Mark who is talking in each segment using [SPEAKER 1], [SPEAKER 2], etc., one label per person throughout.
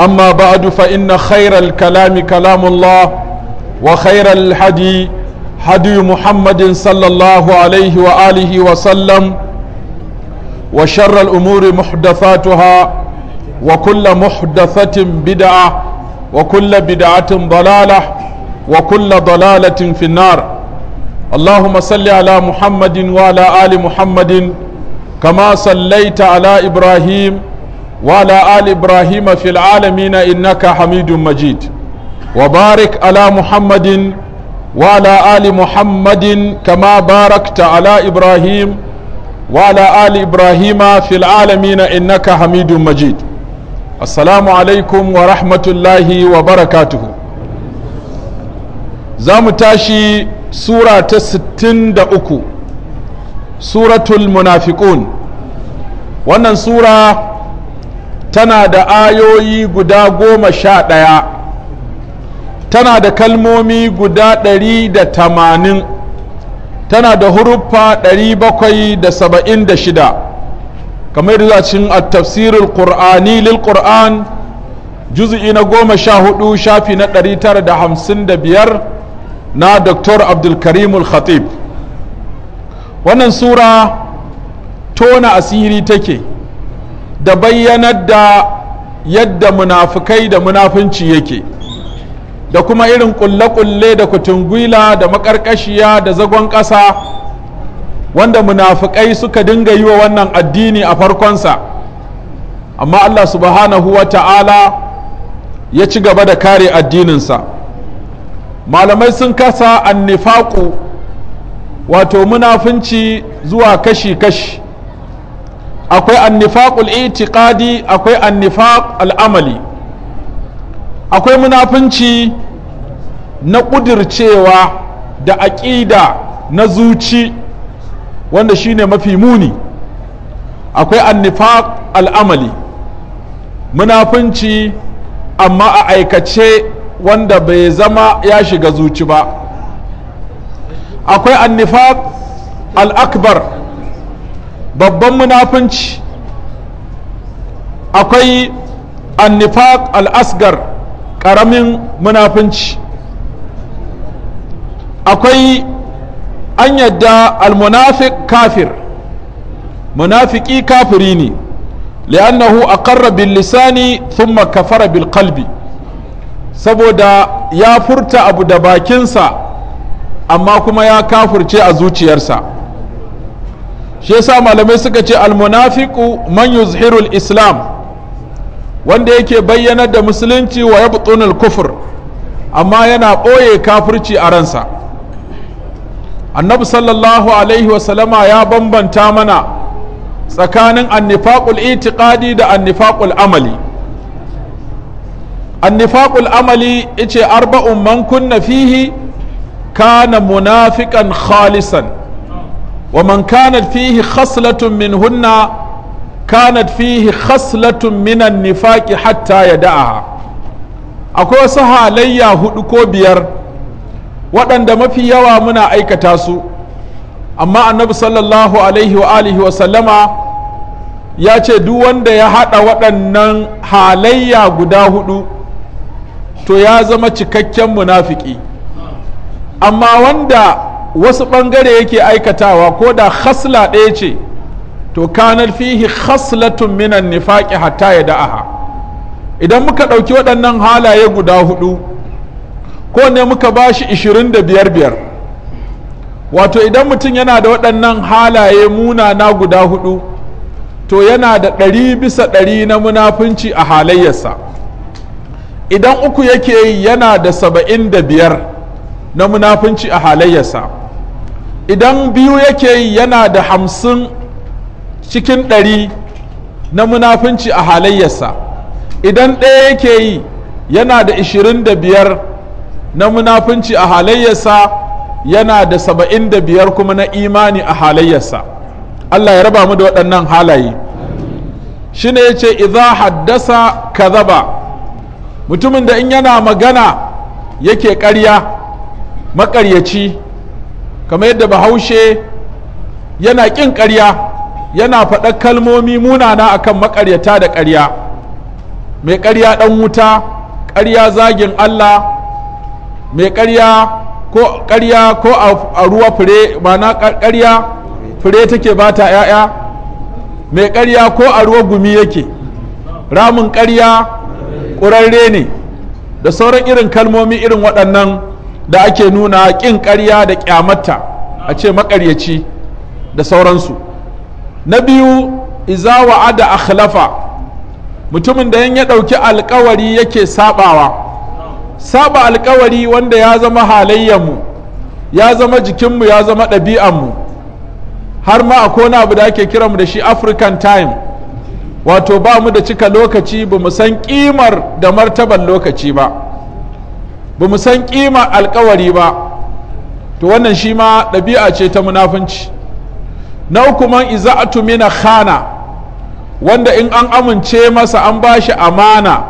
[SPEAKER 1] أما بعد فإن خير الكلام كلام الله وخير الحدي حدي محمد صلى الله عليه وآله وسلم وشر الأمور محدثاتها وكل محدثة بدعة وكل بدعة ضلالة وكل ضلالة في النار اللهم صل على محمد وعلى آل محمد كما صليت على إبراهيم وعلى آل إبراهيم في العالمين إنك حميد مجيد وبارك على محمد وعلى آل محمد كما باركت على إبراهيم وعلى آل إبراهيم في العالمين إنك حميد مجيد السلام عليكم ورحمة الله وبركاته زامتاشي سورة ستين دأكو سورة المنافقون wannan sura tana da ayoyi guda goma sha ɗaya tana da kalmomi guda ɗari da tamanin tana da huruffa ɗari bakwai da saba'in da shida kamar da cin a tafsirin ƙur'ani lil ƙur'an juzi'i na goma sha hudu shafi na ɗari tara da hamsin da biyar na Dr. abdulkarimul khatib wannan sura tona asiri take da bayyanar da yadda munafukai da munafunci yake da kuma irin kulle-kulle da kutungwila da makarkashiya da zagon ƙasa wanda munafukai suka dinga yi wa wannan addini a farkonsa amma allah subhanahu wa ta'ala ya ci gaba da kare addininsa malamai sun kasa annifaku wato munafunci zuwa kashi-kashi akwai annifaqul itiqadi akwai annifaq amali akwai munafunci na ƙudurcewa da aƙida na zuci wanda shine mafi muni akwai annifaq amali munafunci amma a aikace wanda bai zama ya shiga zuci ba akwai annifaq al'akbar babban munafunci akwai annifaq al'asgar ƙaramin munafunci akwai an yadda almunafik kafir munafiki kafiri ne li'annahu aqarra bil lisani thumma kafara bil qalbi saboda ya furta abu da bakinsa amma kuma ya kafurce a zuciyarsa shi yasa malamai suka ce almunafiqu man yuzhiru islam wanda yake bayyana da musulunci wa yabtunul kufur amma yana ɓoye kafirci a ransa annabi sallallahu alaihi wasallama ya bambanta mana tsakanin annifaqul itiƙadi da annifaqul amali annifaqul amali ice arba'un man kunna fihi kana munafiqan khalisan ومن كانت فيه خصلة منهن كانت فيه خصلة من النفاق حتى يدعها akwai wasu halayya hudu ko biyar waɗanda mafi yawa muna aikata su amma annabi sallallahu alaihi ya ce duk wanda ya haɗa waɗannan halayya guda hudu to ya zama cikakken munafiki amma wanda wasu ɓangare yake aikatawa ko da hasla ɗaya ce to kanar fihi haslatun minan nifaƙi hatta ya da'aha idan muka ɗauki waɗannan halaye guda hudu ko ne muka ba shi ishirin da biyar biyar wato idan mutum yana da waɗannan halaye munana guda hudu to yana da ɗari bisa ɗari na munafunci a halayyarsa idan uku yake yana da saba'in da biyar na munafunci a halayyarsa idan biyu yake yi yana da hamsin cikin ɗari na munafunci a halayyarsa idan ɗaya yake yi yana da ishirin da biyar na munafunci a halayyarsa yana da saba'in da biyar kuma na imani a halayyarsa allah ya raba mu da waɗannan halaye shi ne ya ce iza haddasa kazaba mutumin da in yana magana yake ƙarya maƙaryaci kamar yadda bahaushe yana ƙin ƙarya yana faɗa kalmomi munana akan maƙaryata da ƙarya mai ƙarya ɗan wuta ƙarya zagin allah mai ƙarya ko ƙarya ko a ruwa fure mana ƙarya fure take ba ta ‘ya'ya mai ƙarya ko a ruwa gumi yake ramin ƙarya ƙurarre ne da sauran irin kalmomi irin waɗannan da ake nuna ƙin ƙarya da ƙyamata a ce maƙaryaci da sauransu na biyu iza wa'ada akhlafa mutumin da yan ɗauki alkawari yake saɓawa saɓa alkawari wanda ya zama halayyanmu ya zama jikinmu ya zama ɗabi'anmu har ma a kona abu da ake kiranmu da shi african time wato ba mu da cika lokaci ba mu san ƙimar da martaban lokaci ba ba mu san kima alkawari ba to wannan shi ma ɗabi'a ce ta munafunci na hukuman iza iza'atu khana wanda in an amince masa an ba shi amana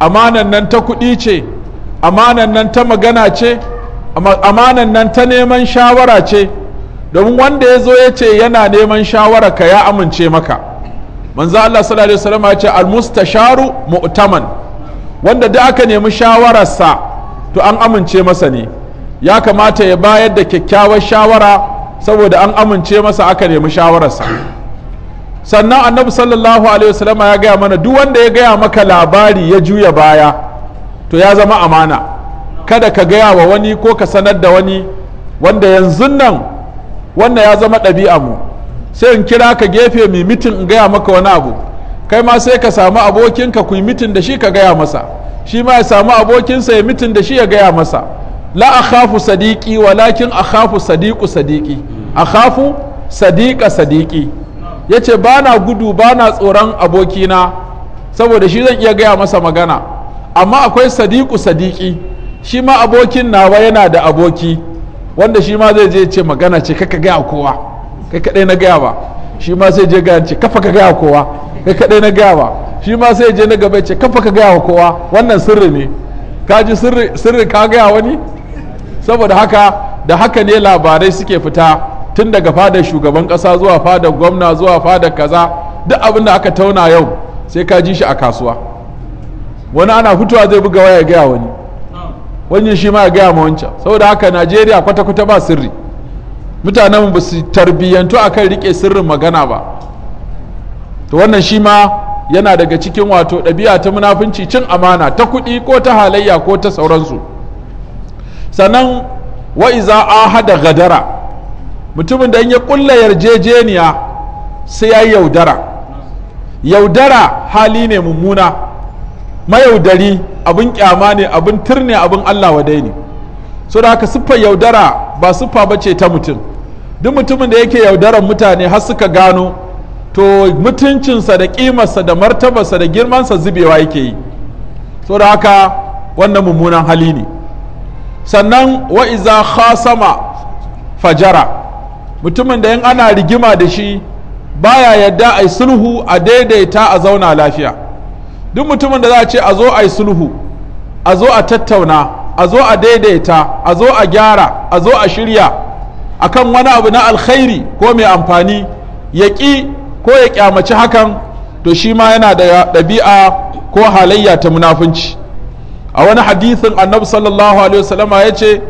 [SPEAKER 1] amanan nan ta kuɗi ce amanan nan ta magana ce amanan nan ta neman shawara ce domin wanda ya zo ya ce yana neman shawara ka ya amince maka manzo Allah sallallahu alaihi wasallam ya ce al-mustasharu mu'taman wanda da aka nemi shawararsa to an amince masa ne ya kamata ya bayar da kyakkyawar shawara saboda an amince masa aka nemi shawararsa sannan annabi sallallahu alaihi wasallama ya gaya mana duk wanda ya gaya maka labari ya juya baya to ya zama amana kada ka gaya wa wani ko ka sanar da wani wanda yanzu nan wannan ya zama ɗabi'a mu sai in kira ka gefe mai mitin in gaya maka wani abu kai ma sai ka samu abokinka ku yi mitin da shi ka gaya masa shi ma ya samu abokinsa ya mitin da shi ya gaya masa la khafu sadiƙi walakin a khafu akhafu sadiqu sadiqi akhafu sadiqa ce yace bana gudu bana tsoron abokina saboda shi zan iya gaya masa magana amma akwai sadiƙu sadiƙi shi ma abokin nawa yana da aboki wanda shi ma zai je ce magana ce kaka gaya kowa kai kadai na gaya ba shi ma sai je gaya ce kafa ka gaya kowa kai kadai na gaya ba shi ma sai je na gaba ce kafa ka gaya wa kowa wannan sirri ne ka ji sirri ka gaya wani saboda haka da haka ne labarai suke fita tun daga fadar shugaban kasa zuwa fadar gwamna zuwa fadar kaza duk abin da aka tauna yau sai ka ji shi a kasuwa wani ana fitowa zai buga waya gaya wani wani shi ma ya gaya ma wancan saboda haka najeriya kwata-kwata ba sirri mutanen ba su tarbiyyantu akan rike sirrin magana ba to wannan shi ma yana daga cikin wato ɗabi'a ta munafunci cin amana ta kuɗi ko ta halayya ko ta sauransu sannan wa'iza ahada gadara mutumin da ya ƙulla yarjejeniya sai ya yaudara yaudara hali ne mummuna mayaudari abin kyama ne abin turne abin allah wadai ne so da haka siffa yaudara ba siffa ba ce ta mutum duk mutumin da yake yaudaran mutane har suka gano to mutuncinsa da ƙimarsa da martabarsa da girmansa zubewa yake yi so da haka wannan mummunan hali ne sannan wa'iza khasama fajara mutumin da yin ana rigima da shi baya yadda a yi sulhu a daidaita a zauna lafiya duk mutumin da za a ce a zo a sulhu a zo a tattauna a zo a daidaita a zo a gyara a zo a shirya akan wani abu na alkhairi ko mai amfani ya ƙi ko ya kyamaci hakan to shi ma yana da ɗabi'a ko halayya ta munafunci a wani hadithin annabi sallallahu alaihi wasallama ya ce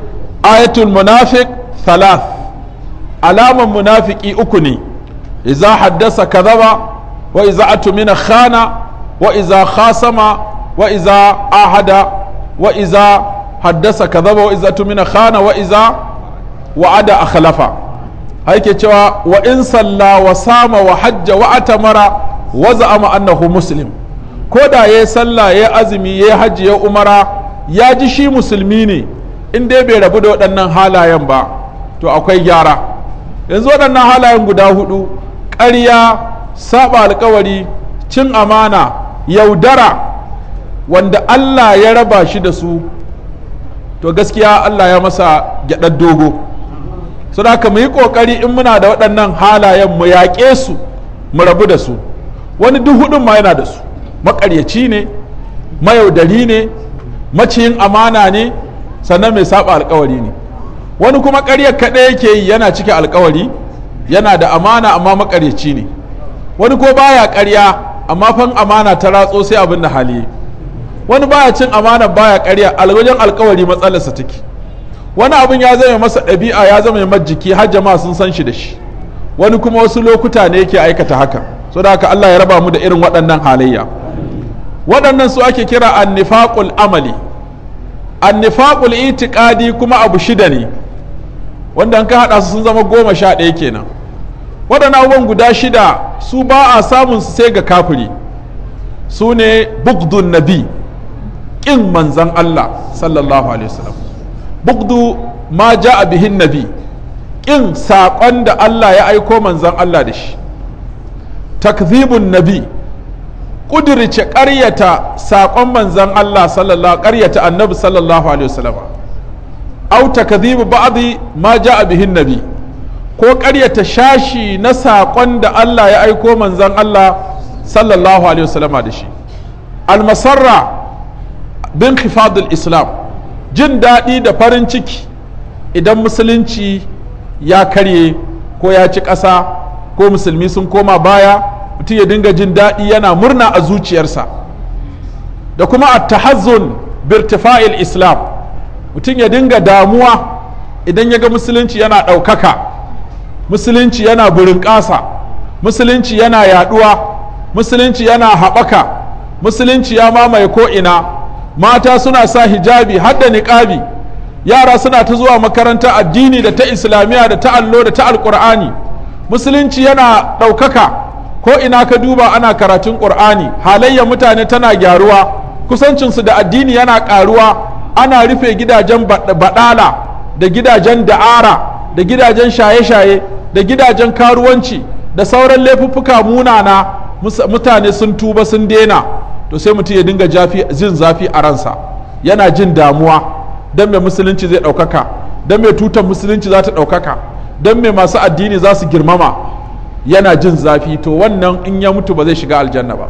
[SPEAKER 1] ayatul munafiq thalath alaman munafiki uku ne iza haddasa kadhaba wa iza atumina khana wa iza khasama wa iza ahada wa iza haddasa kadhaba wa iza atumina khana wa iza wa'ada akhlafa ake cewa wa in salla wa sama wa hajja wa atamara wa za'ama annahu muslim ko da yayi sallah yayi azumi yayi hajji yayi umara ya ji shi musulmi ne in dai bai rabu da waɗannan halayen ba to akwai gyara yanzu waɗannan halayen guda hudu ƙarya saba alkawari cin amana yaudara wanda Allah ya raba shi da su to gaskiya Allah ya masa gyaɗar dogo su da mu yi ƙoƙari in muna da waɗannan halayen mu yaƙe su mu rabu da su wani duk hudun ma yana da su maƙaryaci ne mayaudari ne maciyin amana ne sannan mai saba alkawari ne wani kuma ƙarya kaɗai yake yi yana cike alkawari yana da amana amma maƙaryaci ne wani ko baya ƙarya amma fan amana ta ratso sai abin da hali wani baya cin amana baya ƙarya alwajen alkawari matsalarsa take wani abin ya zama masa ɗabi'a ya zama mai jiki har jama'a sun san shi da shi wani kuma wasu lokuta ne yake aikata haka so da haka Allah ya raba mu da irin waɗannan halayya waɗannan su ake kira annifaqul amali annifaqul itiqadi kuma abu shida ne wanda an ka hada su sun zama goma sha ɗaya kenan waɗannan abubuwan guda shida su ba a samun su sai ga kafiri su ne bugdun nabi ƙin manzan Allah sallallahu alaihi wasallam bugdu ma ja a bihin nabi ƙin saƙon da Allah ya aiko manzon Allah da shi takzibun nabi ƙudirce ƙaryata saƙon manzon Allah sallallahu ƙaryata annabi sallallahu alaihi wasallam au takzibu ba'dhi ma ja a bihin nabi ko ƙaryata shashi na saƙon da Allah ya aiko manzon Allah sallallahu alaihi wasallam da shi almasarra bin khifadul islam jin daɗi da farin ciki idan musulunci ya karye ko ya ci ƙasa ko musulmi sun koma baya mutum ya dinga jin daɗi yana murna a zuciyarsa da kuma a tahazzun birtifa'il islam mutum ya dinga damuwa idan ya ga musulunci yana ɗaukaka musulunci yana burin ƙasa musulunci yana yaɗuwa musulunci yana haɓaka musulunci ya mamaye ko'ina mata suna sa hijabi har da niƙabi yara suna ta zuwa makaranta addini da ta islamiyya da ta allo da ta alƙur'ani musulunci yana ɗaukaka ko ina ka duba ana karatun ƙur'ani halayya mutane tana gyaruwa kusancinsu da addini yana ƙaruwa ana rufe gidajen baɗala da gidajen da'ara da gidajen shaye-shaye da gidajen karuwanci da sauran laifuffuka munana mutane sun tuba sun dena to sai mutum ya dinga jin zafi a ransa yana jin damuwa don mai musulunci zai ɗaukaka don mai tutar musulunci za ta ɗaukaka don mai masu addini za su girmama yana jin zafi to wannan in ya mutu ba zai shiga aljanna ba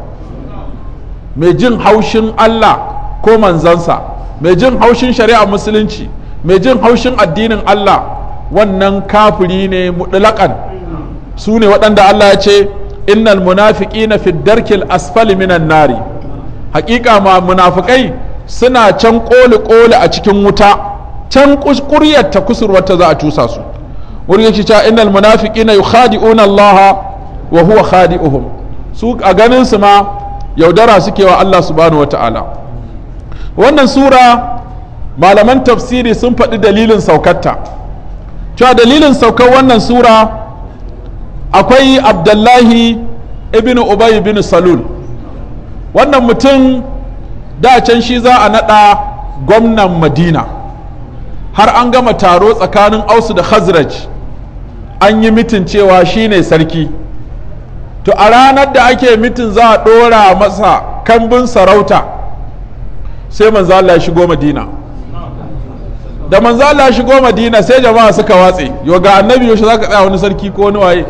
[SPEAKER 1] mai jin haushin allah ko manzansa mai jin haushin shari'a musulunci mai jin haushin addinin allah wannan kafiri ne mutlaƙan su ne waɗanda allah ya ce innal munafiqina fi darkil asfali minan nari hakika ma munafikai suna can koli koli a cikin wuta can kuryar ta za a cusa su wurin yake cewa innal munafiqina yukhadi'una Allah wa huwa khadi'uhum su a ganin su ma yaudara suke wa Allah subhanahu wata'ala wannan sura malaman tafsiri sun faɗi dalilin saukarta cewa dalilin saukar wannan sura akwai abdullahi ibn ubay bin salul wannan mutum da can shi za a naɗa gwamnan madina har an gama taro tsakanin ausu da khazraj an yi mitin cewa shi ne sarki to a ranar da ake mitin za a ɗora masa kambin sarauta sai manzala ya shigo madina da manzala ya shigo madina sai jama'a suka watse Yau ga annabi za ka tsaya wani sarki ko wani waye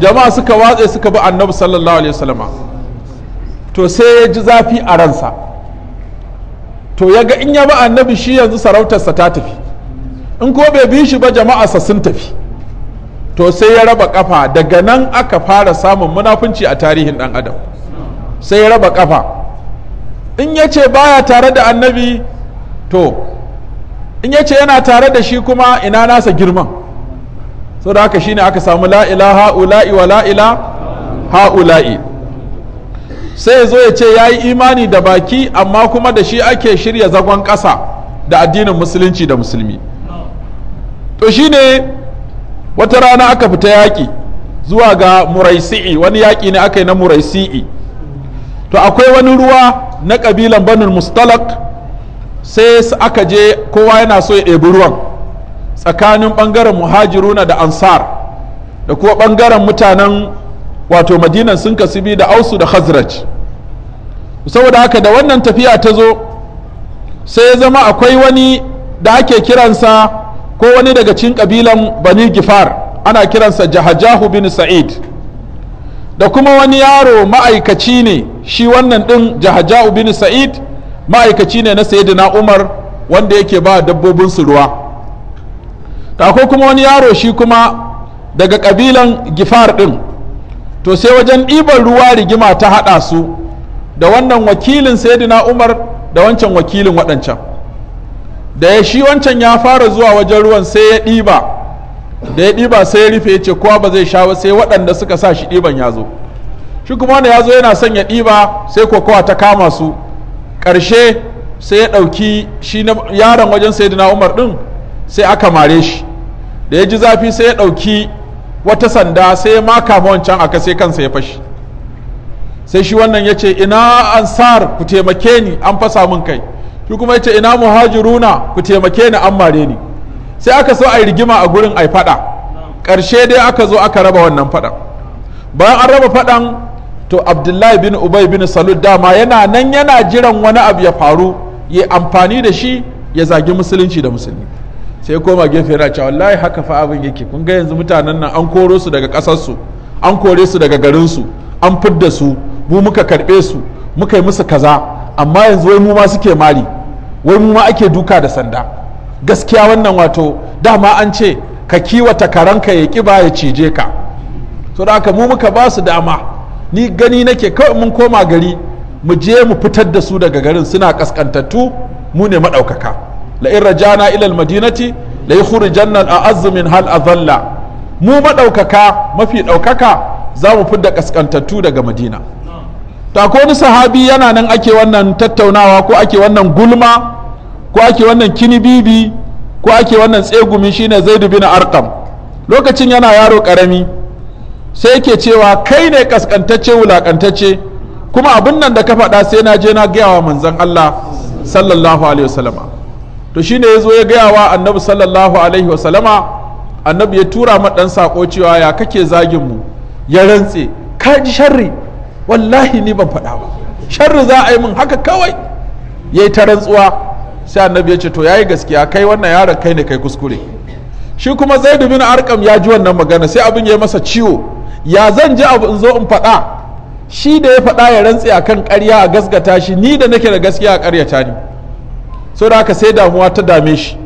[SPEAKER 1] jama'a suka watse suka bi annabi sallallahu alaihi wasallama to sai ya ji zafi a ransa to ya ga in yaba annabi shi yanzu sarautarsa ta tafi in ko bai bi shi ba jama'arsa sun tafi to sai ya raba kafa daga nan aka fara samun munafunci a tarihin dan adam sai ya raba kafa in ya ce baya tare da annabi to in ya ce yana tare da shi kuma ina nasa girman sau da haka shine aka samu la ilaha ula'i wa la ila ha'ula'i sai ya zo ya ce ya yi imani da baki amma kuma da shi ake shirya zagon ƙasa da addinin musulunci da musulmi to shi ne wata rana aka fita yaƙi zuwa ga muraisi'i wani yaƙi ne aka yi na muraisi'i to akwai wani ruwa na ƙabilan banin mustalak sai aka je kowa yana so ya ɗebi ruwan tsakanin ɓangaren muhajiruna da ansar da kuma ɓangaren mutanen wato madinan sun kasu bi da ausu da khazraj saboda haka da wannan tafiya ta zo sai ya zama akwai wani da ake kiransa ko wani daga cikin kabilan bani gifar ana kiransa jahajahu bin sa'id da kuma wani yaro ma'aikaci ne shi wannan din jahajahu bin sa'id ma'aikaci ne na sayyidina umar wanda yake ba su ruwa ta kuma wani yaro shi kuma daga kabilan gifar din to sai wajen ɗiban ruwa rigima ta haɗa su da wannan wakilin saidina umar da wancan wakilin waɗancan da ya shi wancan ya fara zuwa wajen ruwan sai ya ɗiba da ya ɗiba sai ya rufe ya ce kowa ba zai sha ba sai waɗanda suka sa shi ɗiban ya zo shi kuma wanda ya zo yana son ya ɗiba sai kokowa ta kama su ƙarshe sai ya ɗauki shi yaron wajen saidina umar ɗin sai aka mare shi da ya ji zafi sai ya ɗauki wata sanda sai ya maka wancan aka sai kansa ya fashi sai shi wannan ya ce ina ansar ku taimake ni an fasa min kai shi kuma ya ce ina muhajiruna ku taimake ni an mare ni sai aka so a yi rigima a gurin a yi faɗa ƙarshe dai aka zo aka raba wannan faɗan bayan an raba faɗan to abdullahi bin ubay bin salud dama yana nan yana jiran wani abu ya faru ya amfani da shi ya zagi musulunci da musulmi sai koma gefe yana cewa wallahi haka fa abin yake kun ga yanzu mutanen nan an koro su daga ƙasarsu an kore su daga garinsu an fidda su mu muka karɓe su muka yi musu kaza amma yanzu wai mu ma suke mari wai mu ma ake duka da sanda gaskiya wannan wato dama an ce ka kiwata karanka ya kiba ya cije ka to da haka mu muka ba su dama ni gani nake kawai mun koma gari mu je mu fitar da su daga garin suna kaskantattu mu ne maɗaukaka la irra rajana ilal madinati la jannan a azumin hal Zalla. mu maɗaukaka, mafi ɗaukaka, za mu fidda ƙasƙantattu daga madina ta ko wani sahabi yana nan ake wannan tattaunawa ko ake wannan gulma ko ake wannan kinibibi ko ake wannan tsegumi shine zaidu na arkam lokacin yana yaro karami sai yake cewa kai ne ƙasƙantacce wulakantacce kuma abin nan da ka faɗa sai na je na gaya wa manzon Allah sallallahu alaihi wasallama to shine ya zo ya gaya wa annabi sallallahu alaihi wasallama annabi ya tura ma ɗan sako cewa ya kake zagin mu ya rantse ka ji sharri wallahi ni ban faɗa ba sharri za a yi min haka kawai ya yi ta rantsuwa sai annabi ya ce to yayi gaskiya kai wannan yaron kai ne kai kuskure shi kuma zaidu bin arkam ya ji wannan magana sai abin ya masa ciwo ya zan ji abu in zo in faɗa shi da ya faɗa ya rantse akan ƙarya a gasgata shi ni da nake da gaskiya a ƙaryata ni so da haka sai damuwa ta dame shi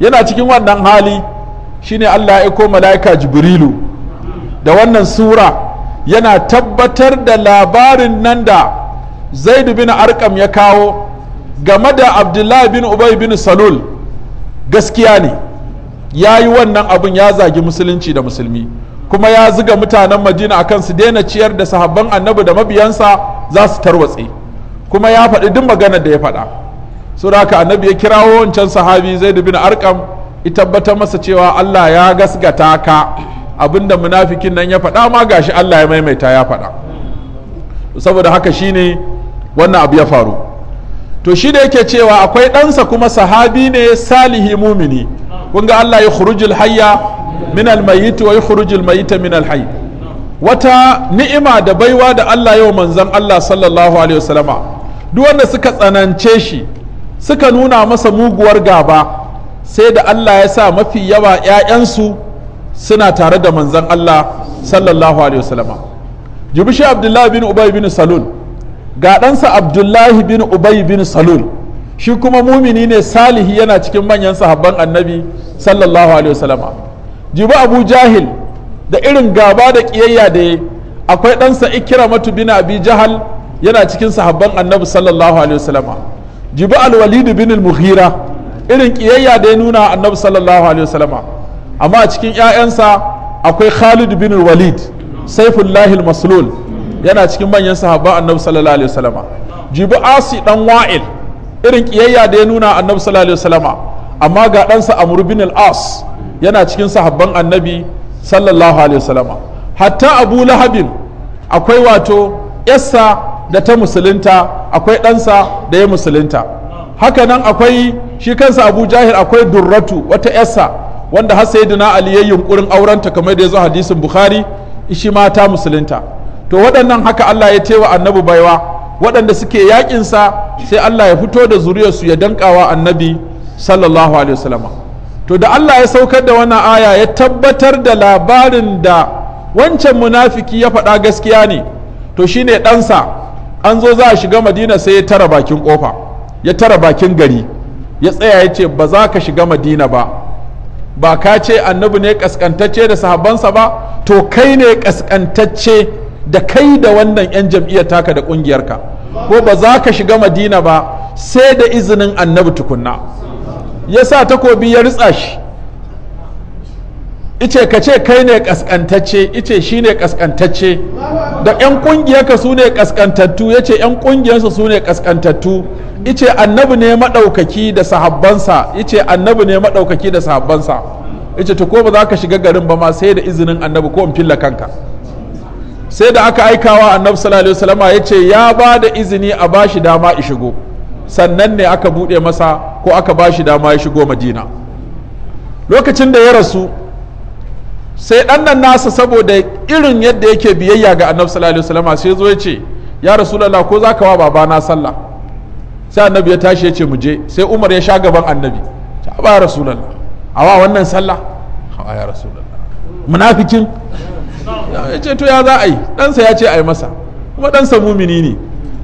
[SPEAKER 1] yana cikin wannan hali shine Allah ya aiko mala'ika jibrilu da wannan sura yana tabbatar da labarin nan da zaidu bin arkam ya kawo game da abdullahi bin ubay bin salul gaskiya ne ya yi wannan abin ya zagi musulunci da musulmi kuma ya ziga mutanen madina akan su daina ciyar da sahabban annabi da mabiyansa za su tarwatse kuma ya faɗi duk maganar da ya faɗa saboda haka annabi ya kirawo wancan sahabi zai bin arqam ya tabbatar masa cewa Allah ya gasgata ka abinda munafikin nan ya faɗa ma gashi Allah ya maimaita ya faɗa saboda haka shine wannan abu ya faru to shi da yake cewa akwai ɗansa kuma sahabi ne salihi mumini kun ga Allah ya khurujul hayya min wa min alhayy wata ni'ima da baiwa da Allah yau manzon Allah sallallahu alaihi wasallama duk wanda suka tsanance shi suka nuna masa muguwar gaba sai da Allah ya sa mafi yawa 'ya'yansu suna tare da manzan Allah sallallahu alaihi wasallam jibishi abdullahi bin ubay bin salul ga ɗansa abdullahi bin ubay bin salul shi kuma mumini ne salihi yana cikin manyan sahabban annabi sallallahu alaihi wasallam jibi abu jahil da irin gaba da ƙiyayya da akwai ɗansa ikira matu bin abi jahal yana cikin sahabban annabi sallallahu alaihi wasallam jibi alwalidu bin muhira irin kiyayya da ya nuna annabi sallallahu alaihi amma a cikin 'ya'yansa akwai khalid bin walid saifullahi maslul yana cikin manyan sahabba annabi sallallahu alaihi wasallama jibi asi dan wa'il irin kiyayya da ya nuna annabi sallallahu alaihi amma ga ɗansa amr bin al-as yana cikin sahabban annabi sallallahu alaihi hatta abu lahabin akwai wato yassa da ta musulunta akwai ɗansa da ya musulunta haka nan akwai shi kansa abu jahil akwai durratu wata yarsa wanda har sayyidina ali ya yunkurin aurenta kamar da ya zo hadisin bukhari shi ma ta musulunta to waɗannan haka allah ya tewa annabi baiwa waɗanda suke yaƙinsa sai allah ya fito da zuriyarsu ya dankawa annabi sallallahu alaihi wasallama to da allah ya saukar da wannan aya ya tabbatar da labarin da wancan munafiki ya faɗa gaskiya ne to shine ɗansa an zo za a shiga madina sai ya tara bakin kofa ya tara bakin gari ya tsaya ya ce ba za ka shiga madina ba ba ka ce annabi ne kaskantacce da sahabbansa ba to kai ne kaskantacce da kai da wannan 'yan jam'iyyar taka da ƙungiyarka ko ba za ka shiga madina ba sai da izinin annabi tukunna ya sa takobi ya ritsa shi ice ka ce kai ne kaskantacce ice shi ne kaskantacce da 'yan kungiyarka su ne kaskantattu ya ce 'yan kungiyarsa su ne kaskantattu ice annabi ne maɗaukaki da sahabbansa ice annabi ne maɗaukaki da sahabbansa ice ta ko ba za ka shiga garin ba ma sai da izinin annabi ko in filla kanka sai da aka aikawa annabi sallallahu alaihi ya ce ya ba da izini a bashi dama ya shigo sannan ne aka buɗe masa ko aka bashi dama ya shigo madina lokacin da ya rasu sai dan nan nasa saboda irin yadda yake biyayya ga annabi sallallahu alaihi wasallam sai zo ya ce ya rasulullah ko zaka wa babana sallah sai annabi ya tashi ya ce mu je sai umar ya sha gaban annabi ta ba rasulullah awa wannan sallah a ya rasulullah munafikin ya ce to ya za a yi sa ya ce a yi masa kuma dan sa mumini ne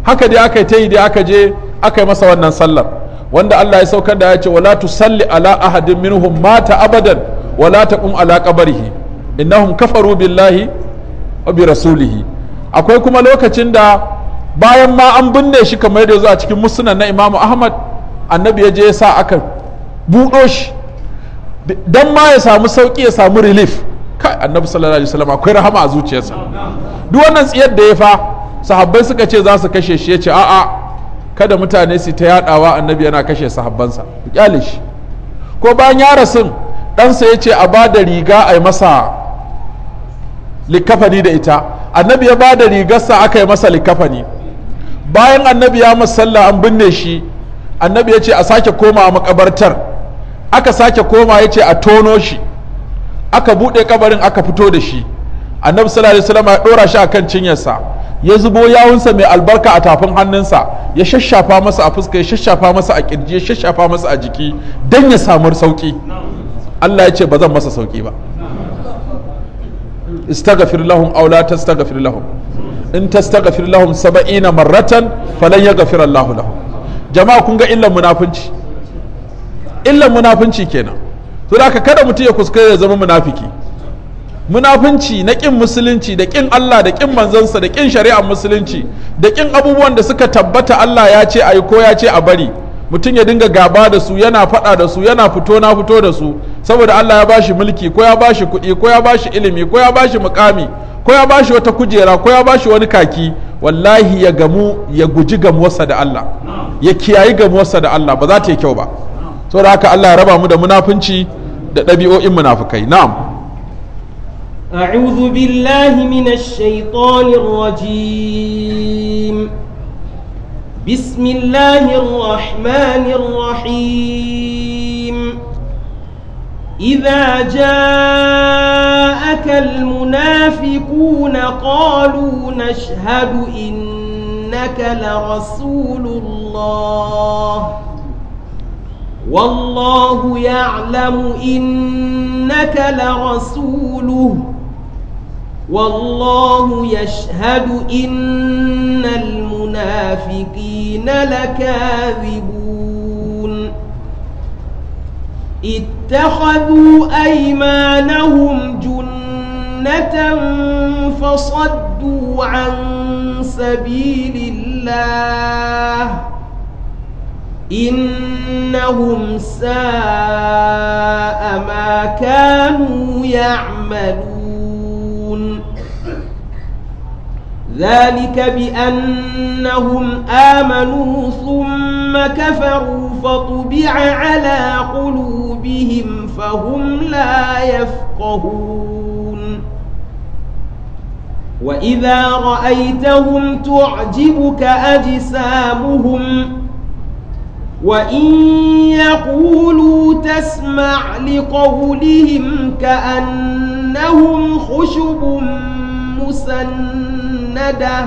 [SPEAKER 1] haka dai aka ta yi dai aka je aka yi masa wannan sallar wanda Allah ya saukar da ya ce wala tusalli ala ahadin minhum mata abadan wala taqum ala qabrihi innahum kafaru billahi wa bi rasulihi akwai kuma lokacin da bayan ma an binne shi kamar yadda a cikin musnad na imamu ahmad annabi ya je ya sa aka buɗo shi dan ma ya samu sauki ya samu relief kai annabi sallallahu alaihi wasallam akwai rahama a zuciyarsa duk wannan tsiyar da ya fa sahabbai suka ce za su kashe shi ya ce a'a kada mutane su ta yadawa annabi yana kashe sahabbansa kyale shi ko bayan ya rasun ɗansa ya ce a ba da riga a yi masa likafani da ita annabi ya ba bada rigarsa aka yi masa likafani bayan annabi ya musalla an binne shi annabi ya ce a sake koma a makabartar aka sake koma ya ce a tono shi aka buɗe kabarin aka fito da shi annabi sallallahu alaihi wasallam ya ɗora shi akan cinyarsa ya zubo yawunsa mai albarka a tafin hannunsa ya shashafa masa a fuska ya shashafa masa a kirji ya shashafa masa a jiki dan ya samu sauki Allah ya ce ba zan masa sauki ba istaghfir lahum aula ta tastaghfir lahum in ta tastaghfir lahum 70 marratan ya yaghfir Allah lahum jama'a kun ga illan munafunci illan munafunci kenan to da kada mutu ya kuskure ya zama munafiki munafunci na kin musulunci da kin Allah da kin manzansa da kin shari'ar musulunci da kin abubuwan da suka tabbata Allah ya ce ayi ko ya ce a bari mutum ya dinga gaba da su yana fada da su yana fito na fito da su saboda Allah ya bashi mulki ko ya bashi kuɗi ko ya bashi ilimi ko ya bashi mukami ko ya bashi wata kujera ko ya bashi wani kaki wallahi ya gamu ya guji gamuwarsa da Allah ya kiyayi gamuwarsa da Allah ba za ta yi kyau ba saboda haka Allah ya raba mu da munafunci da ɗabi'o'in munafukai na'am
[SPEAKER 2] a'udhu billahi minash shaitanir rajim بسم الله الرحمن الرحيم إذا جاءك المنافقون قالوا نشهد إنك لرسول الله والله يعلم إنك لرسوله والله يشهد إن المنافقين لكاذبون اتخذوا أيمانهم جنة فصدوا عن سبيل الله إنهم ساء ما كانوا يعملون
[SPEAKER 1] ذلك
[SPEAKER 2] بأنهم آمنوا ثم كفروا فطبع على قلوبهم فهم لا يفقهون وإذا رأيتهم تعجبك أجسامهم وإن يقولوا تسمع لقولهم كأنهم خشب مسند مفردة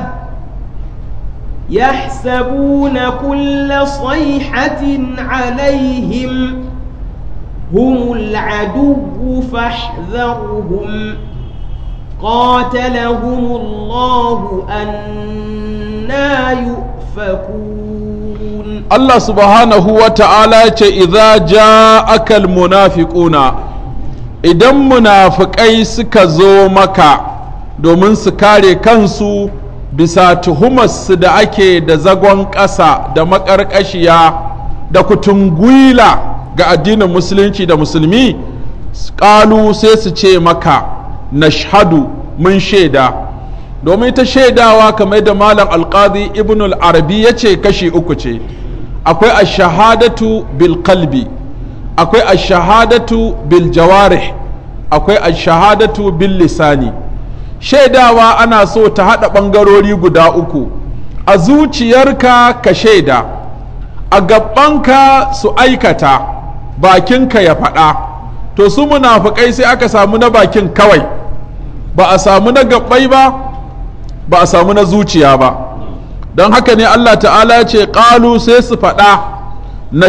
[SPEAKER 2] يحسبون كل صيحة عليهم هم العدو فاحذرهم قاتلهم الله أنا يؤفكون
[SPEAKER 1] الله سبحانه وتعالى إذا جاءك المنافقون idan munafikai suka zo maka domin su kare kansu bisa tuhumarsu da ake da zagon ƙasa da maƙarƙashiya da kutungwila ga addinin musulunci da musulmi ƙalu sai su ce maka na shahadu mun shaida domin ta shaidawa kamar da malam alƙazi ibn ya ce kashi uku ce akwai ashahadatu bil kalbi akwai ashahadatu bil jawarih akwai ashahadatu bil lisani shaidawa ana so ta haɗa ɓangarori guda uku a zuciyarka ka shaida a gabanka su aikata bakinka ya faɗa to su munafukai sai aka samu na bakin kawai ba a samu na gabbai ba ba a samu na zuciya ba don haka ne allah ta'ala ce ƙalu sai su faɗa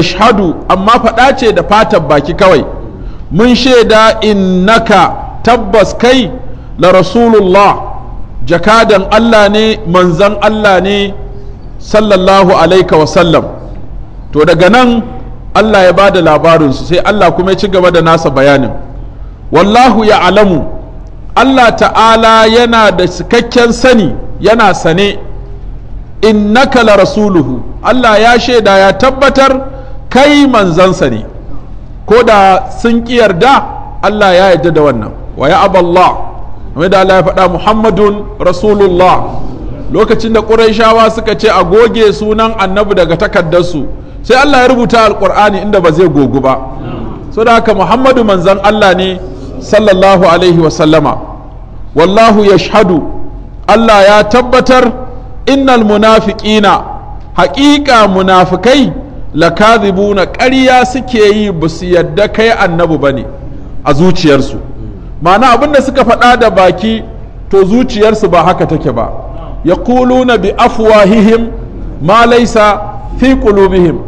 [SPEAKER 1] shahadu amma faɗa ce da fatan baki kawai mun shaida innaka tabbas kai la rasulullah jakadan Allah ne manzan Allah ne sallallahu alaika wasallam to daga nan Allah ya ba da labarinsu sai Allah kuma ya ci gaba da nasa bayanin wallahu ya alamu Allah ta'ala yana da cikakken sani yana sane innaka la rasuluhu Allah ya shaida ya tabbatar kai manzansa ne ko da sun ƙi yarda Allah ya yarda da wannan wa ya aballah kamar da Allah ya faɗa Muhammadun Rasulullah lokacin da ƙuraishawa suka ce a goge sunan annabi daga takardarsu sai Allah ya rubuta alƙur'ani inda ba zai gogu ba so da haka Muhammadu manzan Allah ne sallallahu alaihi wa sallama wallahu yashhadu Allah ya tabbatar innal munafiqina haƙiƙa munafikai lakazibuna ƙarya suke yi ba su yadda kai annabi bane a zuciyarsu ma'ana abin da suka faɗa da baki to zuciyarsu ba haka take ba ya na bi afwahihim ma laisa fi qulubihim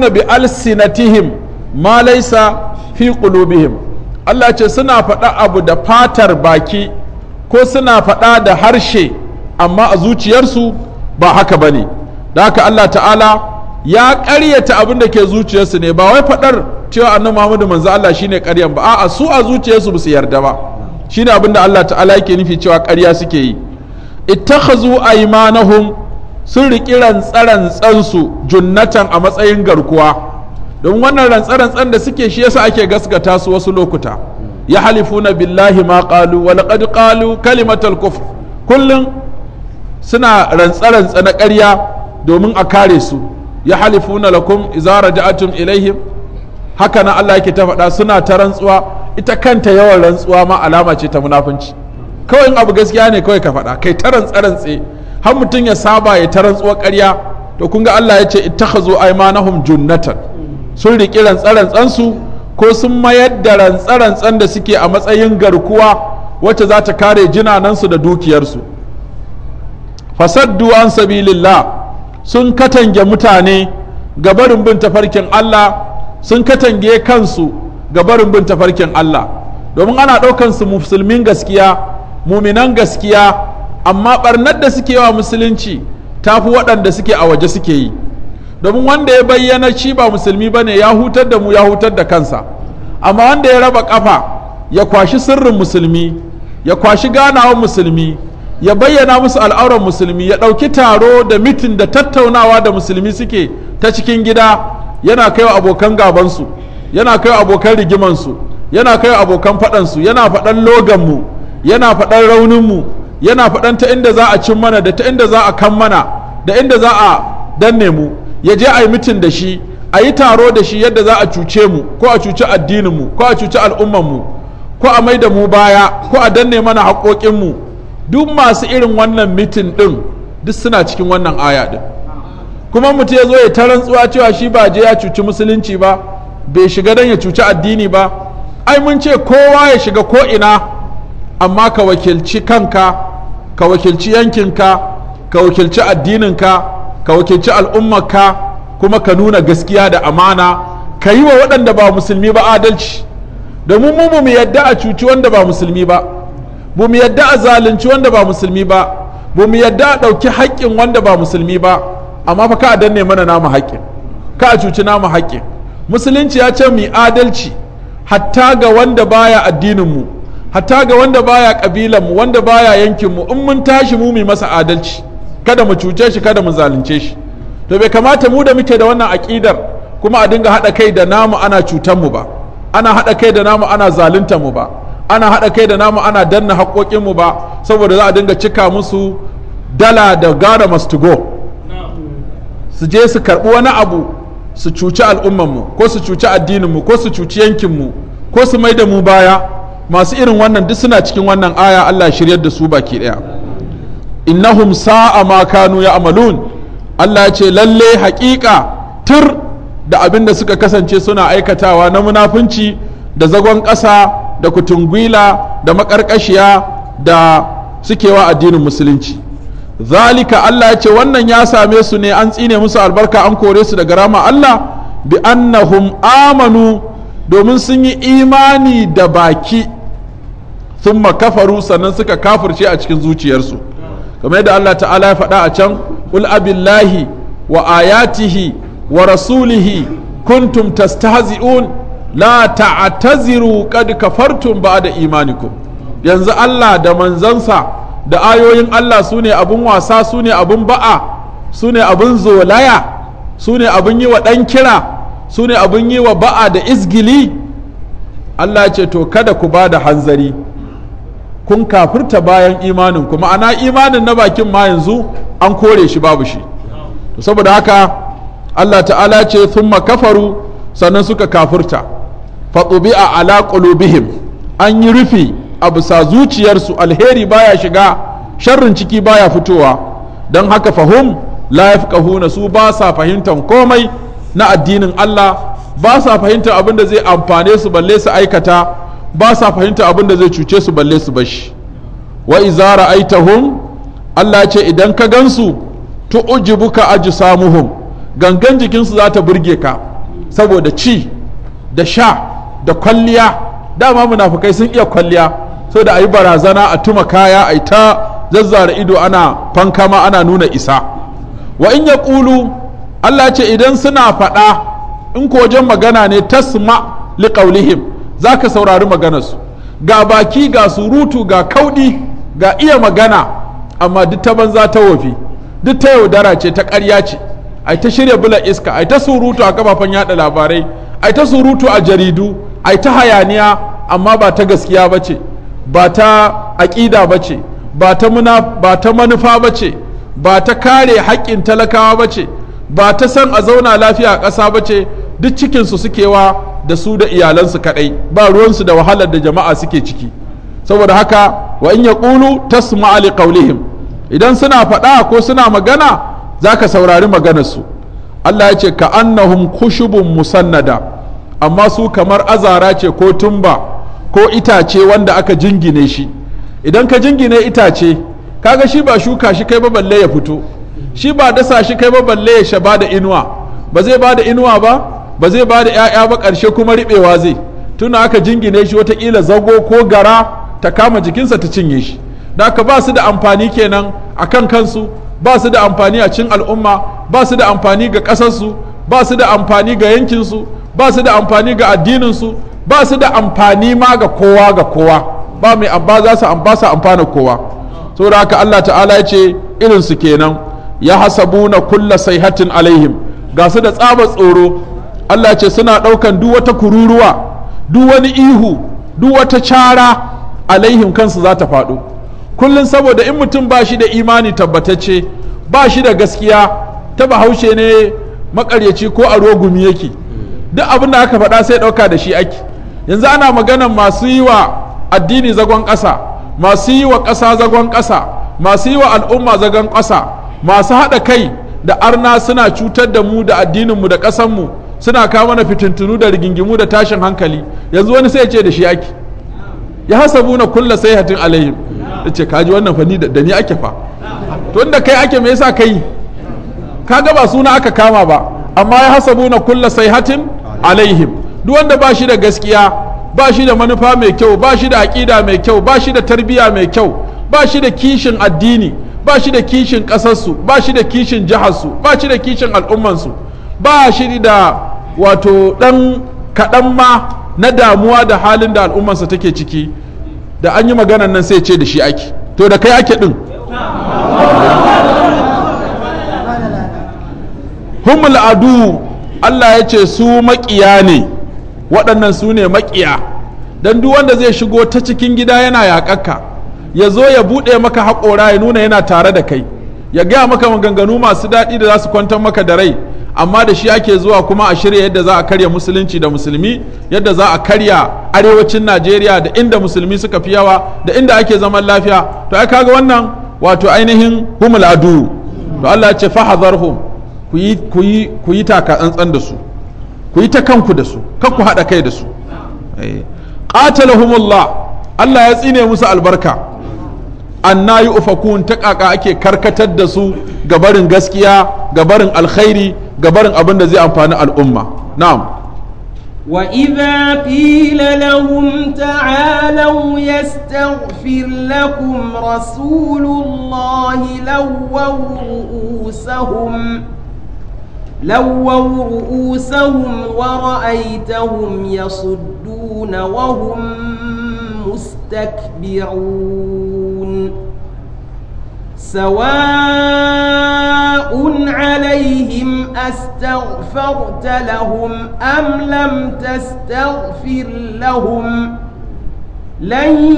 [SPEAKER 1] na bi alsinatihim ma laisa fi qulubihim Allah ce suna faɗa abu da fatar baki ko suna faɗa da harshe amma a zuciyarsu ba haka bane da haka Allah ta'ala ya ƙaryata abin da ke zuciyarsu ne ba wai faɗar cewa annabi Muhammadu manzo Allah shine ƙaryan ba a'a su a zuciyarsu ba su yarda ba shine abin da Allah ta'ala yake nufi cewa ƙarya suke yi ittakhazu aymanahum sun riƙi rantsa-rantsansu junnatan a matsayin garkuwa don wannan rantsarantsan rantsan da suke shi yasa ake gaskata su wasu lokuta ya halifuna billahi ma qalu wa laqad qalu kalimatal kufr kullum suna rantsa na ƙarya domin a kare su Ya na lakum idza Atum ilaihim haka na Allah yake ta faɗa suna ta rantsuwa ita kanta yawan rantsuwa ma alama ce ta munafunci kawai abu gaskiya ne kawai ka faɗa kai ta rantsa rantse har mutum ya saba ya ta rantsuwa ƙarya to kun ga Allah ya ce ittakhazu aymanahum junnatan sun riƙi rantsa su ko sun mayar da rantsa rantsan da suke a matsayin garkuwa wacce za ta kare jinanansu da dukiyarsu fasaddu an sabilillah sun katange mutane ga barin bin tafarkin Allah sun katange kansu ga barin bin tafarkin Allah domin ana ɗaukan su musulmin gaskiya muminan gaskiya amma ɓarnar da suke wa musulunci ta fi waɗanda suke a waje suke yi domin wanda ya bayyana shi ba musulmi ba ne ya hutar da mu ya hutar da kansa amma wanda ya raba ƙafa ya kwashi sirrin musulmi ya kwashi ganawan musulmi ya bayyana musu al'auran musulmi ya ɗauki taro da mitin da tattaunawa da musulmi suke ta cikin gida yana kaiwa abokan gabansu yana kaiwa abokan rigimansu yana kaiwa abokan faɗansu yana faɗan loganmu yana faɗan rauninmu yana faɗan ta inda za a cin mana da ta inda za a kan mana da inda za a danne mu ya je a yi mitin da shi a yi taro da shi yadda za a cuce mu ko a cuci addininmu ko a cuci al'ummanmu ko a mai da mu baya ko a danne mana haƙoƙinmu duk masu irin wannan mitin ɗin duk suna cikin wannan aya ɗin kuma mutum ya zo ya ta rantsuwa cewa shi ba je ya cuci musulunci ba bai shiga don ya cuci addini ba ai mun ce kowa ya shiga ko ina amma ka wakilci kanka ka wakilci yankinka ka wakilci addininka ka wakilci al'ummarka kuma ka nuna gaskiya da amana ka yi wa waɗanda ba musulmi ba adalci domin mu mu yadda a cuci wanda ba musulmi ba ba mu yadda a zalunci wanda ba musulmi ba ba mu yadda a ɗauki haƙƙin wanda ba musulmi ba amma fa ka a danne mana namu haƙƙin ka a cuci namu haƙƙin musulunci ya ce mu adalci hatta ga wanda baya addinin mu hatta ga wanda baya kabilan mu wanda baya yankin mu in mun tashi mu mu masa adalci kada mu cuce shi kada mu zalunce shi to bai kamata mu da muke da wannan aƙidar kuma a dinga haɗa kai da namu ana cutan mu ba ana haɗa kai da namu ana zalunta mu ba ana haɗa kai da namu ana danna haƙoƙinmu ba saboda za a dinga cika musu dala da gara must go su je su karɓi wani abu su cuci al'ummanmu ko su cuci addininmu ko su cuci yankinmu ko su mai da mu baya masu irin wannan duk suna cikin wannan aya allah shiryar da su baki ɗaya innahum sa'a ma kanu ya amalun allah ya ce lalle haƙiƙa tur da abin da suka kasance suna aikatawa na munafunci da zagon ƙasa da kutungwila da makarkashiya da sukewa addinin musulunci zalika Allah ya ce wannan ya same su ne an tsine musu albarka an kore su daga rama Allah bi annahum amanu domin sun yi imani da baki sun kafaru sannan suka kafirce a cikin zuciyarsu kamar yadda Allah ta'ala ya faɗa a can ul abillahi wa ayatihi wa rasulihi kuntum tastahzi'un la ta'taziru qad kafartum ba'da imanikum yanzu Allah da manzansa da ayoyin Allah sune abun wasa sune abun ba'a sune abun zolaya sune abun yi wa dan kira sune abun yi wa ba'a da izgili Allah ce to kada ku ba da hanzari kun kafirta bayan imanin ku ma'ana imanin na bakin ma yanzu an kore shi babu shi saboda haka Allah ta'ala ce thumma kafaru sannan suka kafirta fatubi'a ala qulubihim an yi rufi a bisa zuciyarsu alheri baya shiga sharrin ciki baya fitowa don haka fahum la yafqahuna su ba sa fahimtar komai na addinin Allah ba sa fahimtar abin da zai amfane su balle su aikata ba sa fahimtar abin da zai cuce su balle su bashi wa iza ra'aitahum Allah ce idan ka gansu tu'jibuka ajsamuhum gangan jikinsu za ta burge ka saboda ci da sha da kwalliya dama munafukai sun iya kwalliya so da a yi barazana a tuma kaya a ta zazzara ido ana fanka ma ana nuna isa wa in ya ƙulu allah ce idan suna faɗa in ko wajen magana ne tasma liƙaulihim za ka saurari maganarsu ga baki ga surutu ga kauɗi ga iya magana amma duk ta banza ta wofi duk ta yaudara ce ta ƙarya ce a ta shirya bula iska a ta surutu a kafafen yada labarai a ta surutu a jaridu ai ta hayaniya amma ba ta gaskiya ba ce ba ta aƙida ba ce ba ta manufa ba ce ba ta kare haƙƙin talakawa ba ce ba ta san a zauna lafiya a ƙasa ba ce duk cikinsu suke wa da su da iyalansu kaɗai ba ruwansu da wahalar da jama'a suke ciki saboda haka wa in yaqulu tasma'a li qawlihim idan suna faɗa ko suna magana za ka saurari maganarsu Allah ya ce ka annahum khushubun musannada amma su kamar azara ce ko tumba ko itace wanda aka jingine shi idan ka jingine itace kaga shi ba shuka shi kai ba balle ya fito shi ba dasa shi kai ba balle ya shaba da inuwa ba zai ba da inuwa ba ba zai ba da 'ya'ya ba ƙarshe kuma riɓewa zai tuna aka jingine shi watakila zago ko gara ta kama jikinsa ta cinye shi da aka ba su da amfani kenan a kan kansu ba su da amfani a cin al'umma ba su da amfani ga ƙasarsu ba su da amfani ga yankinsu ba su da amfani ga addininsu ba su da amfani ma ga kowa ga kowa ba mai amba za su amba su amfana kowa saboda haka Allah ta'ala ya ce su kenan ya hasabu na kulla saihatin alaihim ga su da tsaba tsoro Allah ce suna ɗaukan duk wata kururuwa duk wani ihu duk wata cara alaihim kansu za ta faɗo kullum saboda in mutum ba shi da imani tabbatacce ba shi da gaskiya ta bahaushe ne makaryaci ko a rogumi yake duk abin da aka faɗa sai ɗauka da shi ake yanzu ana maganan masu yi wa addini zagon ƙasa masu yi wa ƙasa zagon ƙasa masu yi wa al'umma zagon ƙasa masu haɗa kai da arna suna cutar da mu da addininmu da ƙasanmu suna kawo mana fitintunu da rigingimu da tashin hankali yanzu wani sai ya ce da shi ake ya hasabu na kulla sai hatin alayhim ya ce kaji wannan fani da ni ake fa tun da kai ake me yasa kai kaga ba suna aka kama ba amma ya hasabu na kulla sai hatin alaihim duk wanda ba shi da gaskiya ba shi da manufa mai kyau ba shi da aƙida mai kyau ba shi da tarbiya mai kyau ba shi da kishin addini ba shi da kishin ƙasarsu ba shi da kishin jiharsu ba shi da kishin al'ummansu ba shi da wato ɗan kaɗan ma na damuwa da halin da al'ummansa take ciki da an yi maganan nan sai ce da shi ake to da kai ake ɗin humul adu Allah ya ce su maƙiya ne waɗannan su ne maƙiya don duk wanda zai shigo ta cikin gida yana yaƙakka ya zo ya buɗe maka haƙora ya nuna yana tare da kai ya gaya maka maganganu masu daɗi da za su kwantar maka da rai amma da shi ake zuwa kuma a shirya yadda za a karya musulunci da musulmi yadda za a karya arewacin najeriya da inda musulmi suka fi yawa da inda ake zaman lafiya to ai kaga wannan wato ainihin humul adu to allah ce fahazarhum ku yi taka tsantsan da su ku yi ta kanku da su kan ku haɗa kai da su eh. humullah Allah ya tsine musu albarka anna ufakun ta ƙaƙa ake karkatar da su ga barin gaskiya ga barin alkhairi ga barin abin da zai amfani al'umma na'am
[SPEAKER 2] وإذا قيل لهم تعالوا يستغفر لكم رسول الله لووا رؤوسهم لووا رؤوسهم ورأيتهم يصدون وهم مستكبرون سواء عليهم أستغفرت لهم أم لم تستغفر لهم لن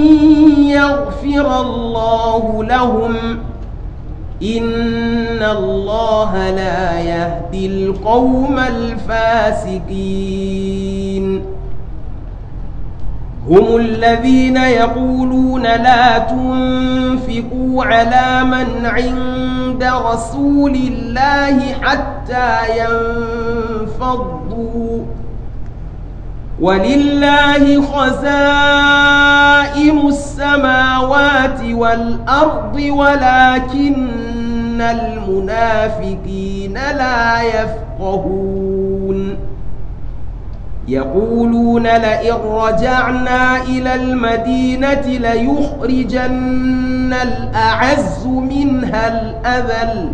[SPEAKER 2] يغفر الله لهم ۖ إن الله لا يهدي القوم الفاسقين هم الذين يقولون لا تنفقوا على من عند رسول الله حتى ينفضوا ولله خزائم السماوات والأرض ولكن إن المنافقين لا يفقهون يقولون لئن رجعنا إلى المدينة ليخرجن الأعز منها الأذل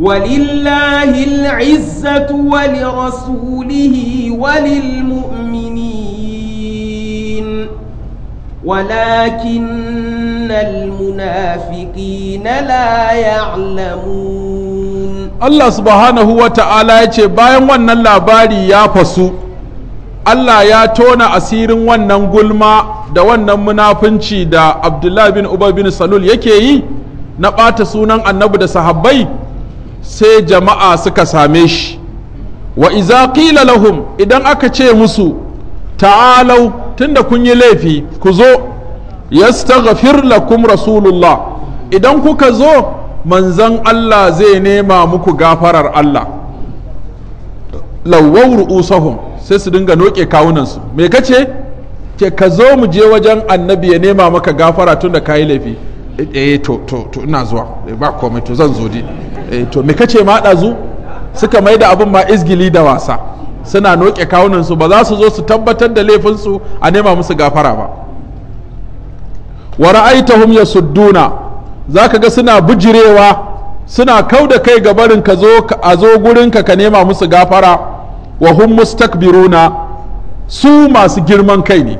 [SPEAKER 2] ولله العزة ولرسوله وللمؤمنين ولكن allah
[SPEAKER 1] subhanahu Allah يعلمون wa ta'ala ya ce bayan wannan labari ya fasu, Allah ya tona asirin wannan gulma da wannan munafunci da Abdullah bin Uba bin Salul yake yi na ɓata sunan annabi da sahabbai sai jama'a suka same shi wa iza qila lahum idan aka ce musu ta'alau tunda kun yi laifi ku zo yastaghfir lakum rasulullah idan kuka zo manzan Allah zai nema muku gafarar Allah lawwaw ru'usahum sai su dinga noke kawunansu me kace ke ka zo mu je wajen annabi ya nema maka gafara tun da kayi laifi eh, eh to to to ina zuwa eh, ba komai to zan zo di eh to me kace ma dazu suka mai da abin ma izgili da wasa suna noke kawunansu ba za su zo su tabbatar da laifinsu a nema musu gafara ba wa ra'aitahum yasudduna zaka ga suna bijirewa suna kau da kai ga barin ka zo a zo gurinka ka nema musu gafara wa hum mustakbiruna su masu girman kai ne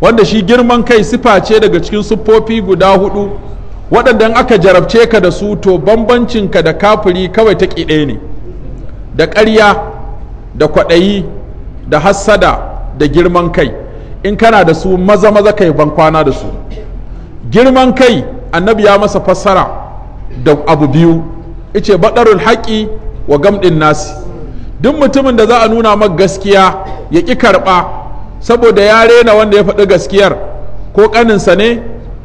[SPEAKER 1] wanda shi girman kai sifa ce daga cikin siffofi guda hudu waɗanda aka jarabce ka da su to bambancin ka da kafiri kawai ta ɗaya ne da ƙarya da kwaɗayi da hassada da girman kai in kana da su maza maza kai ban kwana da su girman kai annabi ya masa fassara da abu biyu ice baɗarul haƙi wa gamɗin nasi duk mutumin da za a nuna maka gaskiya ya ƙi karɓa saboda ya rena wanda ya faɗi gaskiyar ko ƙaninsa ne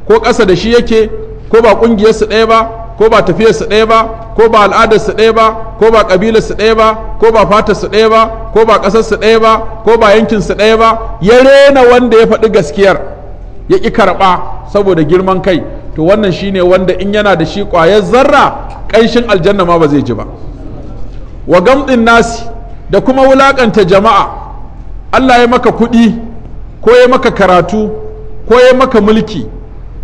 [SPEAKER 1] ko ƙasa da shi yake ko ba ƙungiyarsu ɗaya ba ko ba tafiyarsu ɗaya ba ko ba al'adarsu ɗaya ba ko ba ƙabilarsu ɗaya ba ko ba fatarsu ɗaya ba ko ba ƙasarsu ɗaya ba ko ba yankinsu ɗaya ba ya rena wanda ya faɗi gaskiyar ya ƙi karɓa saboda girman kai to wannan shi ne wanda in yana da shi ƙwayar zarra ƙanshin aljanna ma ba zai ji ba wa gamɗin nasi da kuma wulaƙanta jama'a Allah ya maka kuɗi ko ya maka karatu ko ya maka mulki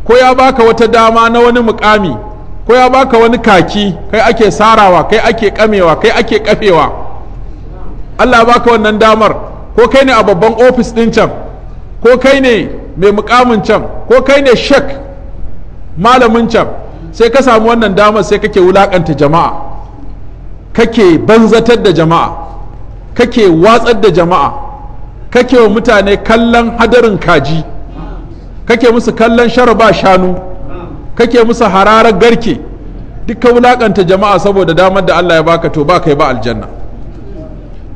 [SPEAKER 1] ko ya baka wata dama na wani mukami ko ya baka wani kaki kai ake sarawa kai ake kamewa kai ake kafewa Allah ya baka wannan damar ko kai ne a babban ofis ɗin can ko kai ne mai mukamin can ko kai ne shek malamin can sai ka samu wannan damar sai kake wulakanta jama'a kake banzatar da jama'a kake watsar da jama'a kake wa mutane kallon hadarin kaji kake musu kallon sharaba shanu kake musu hararar garke duka wulakanta jama'a saboda damar da Allah ya baka to ba kai ba aljanna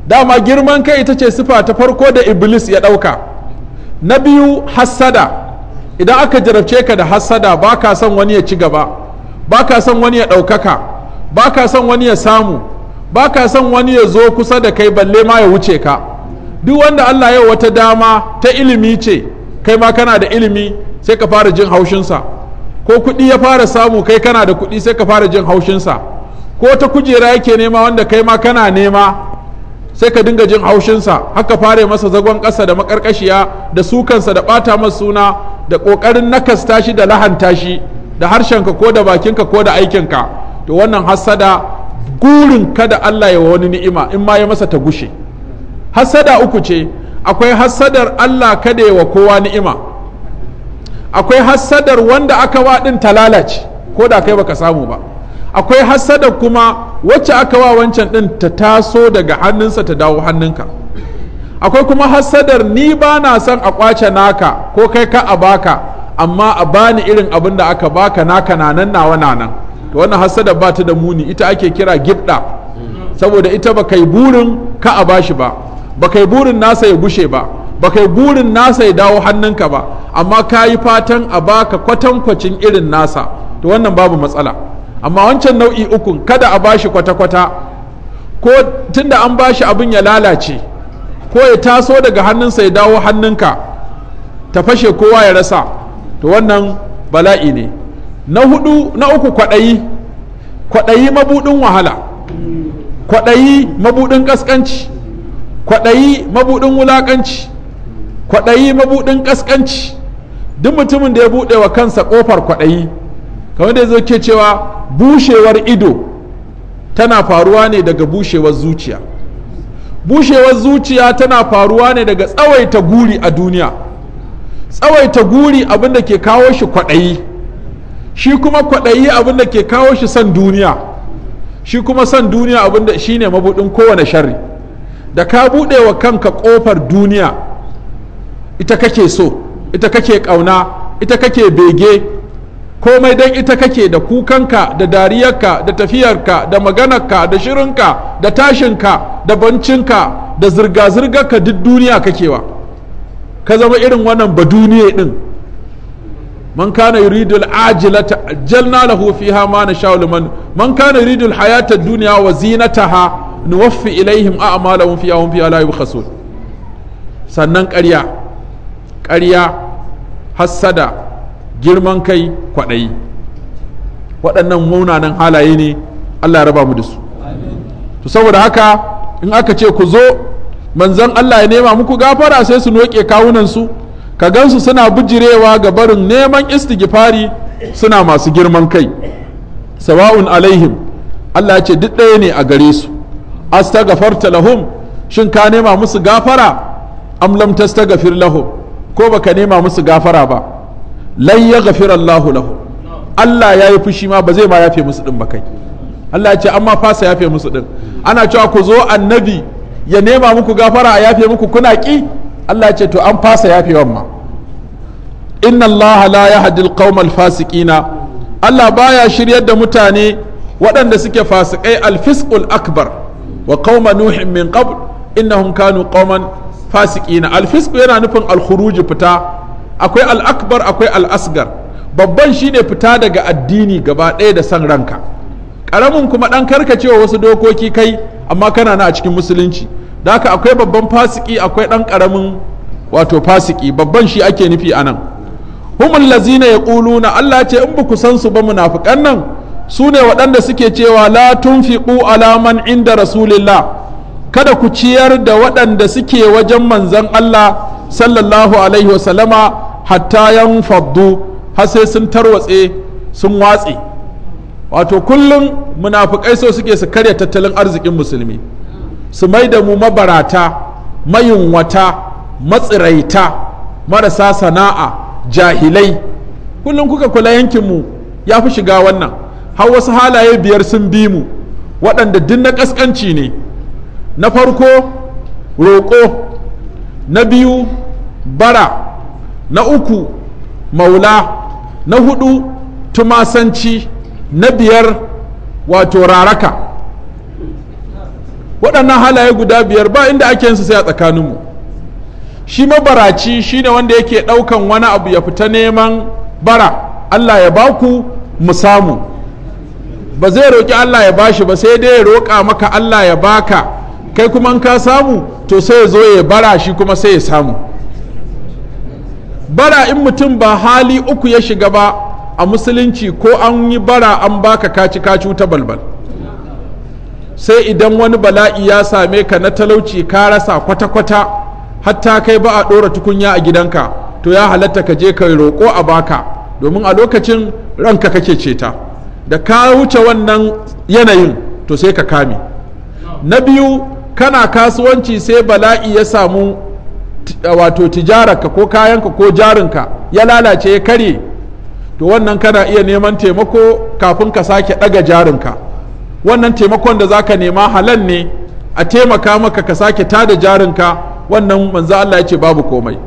[SPEAKER 1] dama girman kai ita ce sifa ta farko da iblis ya ɗauka na biyu hassada idan aka jarabce ka da hassada ba ka son wani ya ci gaba ba ka son wani ya ɗaukaka ba ka son wani ya samu ba ka son wani ya zo kusa da kai balle ma ya wuce ka duk wanda allah yau wata dama ta ilimi ce kai ma kana da ilimi sai ka fara jin haushinsa ko kuɗi ya fara samu kai kana da kuɗi sai ka fara jin haushinsa ko ta kujera yake nema wanda kai ma kana nema sai ka dinga jin haushinsa haka fare masa zagon ƙasa da maƙarƙashiya da sukansa da ɓata masa suna da ƙoƙarin nakasta shi da lahanta shi da harshenka ko da bakinka ko da aikinka to wannan hassada gurin kada Allah ya wani ni'ima in ma ya masa ta gushe hassada uku ce akwai hassadar Allah kada ya wa kowa ni'ima akwai hassadar wanda aka waɗin ta lalace ko da kai baka samu ba akwai hasada kuma wacce aka wa wancan din ta taso daga hannunsa ta dawo hannunka akwai kuma hasadar ni ba na son a kwace naka ko kai ka a baka amma a bani irin abin da aka baka naka na nan nawa na nan to wannan hasada ba ta da muni ita ake kira gibda saboda ita ba kai burin ka a bashi ba ba kai burin nasa ya gushe ba ba kai burin nasa ya dawo hannunka ba amma ka yi fatan a baka kwatankwacin irin nasa to wannan babu matsala amma wancan nau'i ukun kada a bashi kwata-kwata ko tunda an bashi abin ya lalace ko ya taso daga hannunsa ya dawo hannunka ta fashe kowa ya rasa to wannan bala'i ne na hudu na uku kwaɗayi kwaɗayi mabuɗin wahala kwaɗayi mabuɗin ƙasƙanci kwaɗayi mabuɗin wulaƙanci kwaɗayi mabuɗin ƙasƙanci duk mutumin da ya buɗe wa kansa ƙofar kwaɗayi kamar da zai ke cewa bushewar ido tana faruwa ne daga bushewar zuciya bushewar zuciya tana faruwa ne daga tsawaita guri a duniya tsawaita guri abin ke kawo shi kwaɗayi shi kuma kwaɗayi abin ke kawo shi son duniya shi kuma son duniya abin da shi ne mabuɗin kowane sharri da ka buɗe wa kanka ƙofar duniya ita kake so ita kake ƙauna ita kake bege komai don ita kake da kukanka da dariyarka da tafiyarka da maganarka da shirinka da tashinka da bancinka da zirga-zirgarka duk duniya kakewa ka zama irin wannan ba duniya din man kana yuridul ajilata jalna lahu fiha ma nasha'u liman man kana yuridul hayata dunya wa zinataha nuwaffi ilaihim a'malahum fiha hum fiha la yubkhasun sannan ƙarya ƙarya hassada girman kai kwaɗayi waɗannan munanan halaye ne allah raba mu da su to saboda haka in aka ce ku zo manzan allah ya nema muku gafara sai su noke kawunansu ka gansu suna bijirewa ga barin neman istighfari suna masu girman kai sawa'un alaihim allah ya ce duk ɗaya ne a gare su astaghfarta lahum shin ka nema musu gafara am lam tastaghfir lahum ko baka nema musu gafara ba lan yaghfira Allahu lahu Allah ya yi fushi ma ba zai ma yafe musu din ba kai Allah ya ce amma fasa yafe musu din ana cewa ku zo annabi ya nema muku gafara a yafe muku kuna ki Allah ya ce to an fasa yafewan ma inna Allah la yahdi al-qawma Allah baya shiryar da mutane waɗanda suke fasikai al akbar wa qauma nuhin min qabl innahum kanu qauman fasiqina al yana nufin al fita akwai al'akbar akwai al'asgar babban shine fita daga addini gaba ɗaya da san ranka ƙaramin kuma ɗan karkacewa wasu dokoki kai amma kana na a cikin musulunci da haka akwai babban fasiki akwai ɗan ƙaramin wato fasiki babban shi ake nufi a nan humul lazina ya ƙuluna allah ce in ku san su ba munafukan nan su ne waɗanda suke cewa la tunfiqu alaman inda rasulillah kada ku ciyar da waɗanda suke wajen manzon Allah sallallahu alaihi wasallama hatta yan faddu har sai sun tarwatse sun watse wato kullum munafukai so suke su karya tattalin arzikin musulmi su mai da mu mabarata mayunwata matsiraita marasa sana'a jahilai kullum kuka kula yankinmu ya fi shiga wannan har wasu halaye biyar sun bi mu waɗanda duk na ƙasƙanci ne na farko roƙo na biyu bara na uku maula na hudu tumasanci na biyar wato raraka waɗannan halaye guda biyar ba inda ake yinsu sai a tsakaninmu shi mabaraci shi ne wanda yake ɗaukan wani abu ya fita neman bara allah ya baku mu samu ba zai roƙi allah ya bashi ba sai dai ya roƙa maka allah ya baka kai kuma ka samu to sai ya zo ya bara shi kuma sai ya samu bara in mutum ba hali uku ya shiga ba a musulunci ko an yi bara an baka kaci kacu ta balbal sai idan wani bala'i ya same ka na talauci ka rasa kwata-kwata hatta kai ba a ɗora tukunya a gidanka to ya halatta ka je kai roƙo a baka domin a lokacin ranka kake ceta da ka wuce wannan yanayin to sai ka kame na biyu kana kasuwanci sai bala'i ya samu wato tijararka ko kayanka ko jarinka ya lalace ya karye to wannan kana iya neman taimako kafin ka sake ɗaga jarinka wannan taimakon da za ka nema halal ne a taimaka maka ka sake tada jarinka wannan manzo Allah ya ce babu komai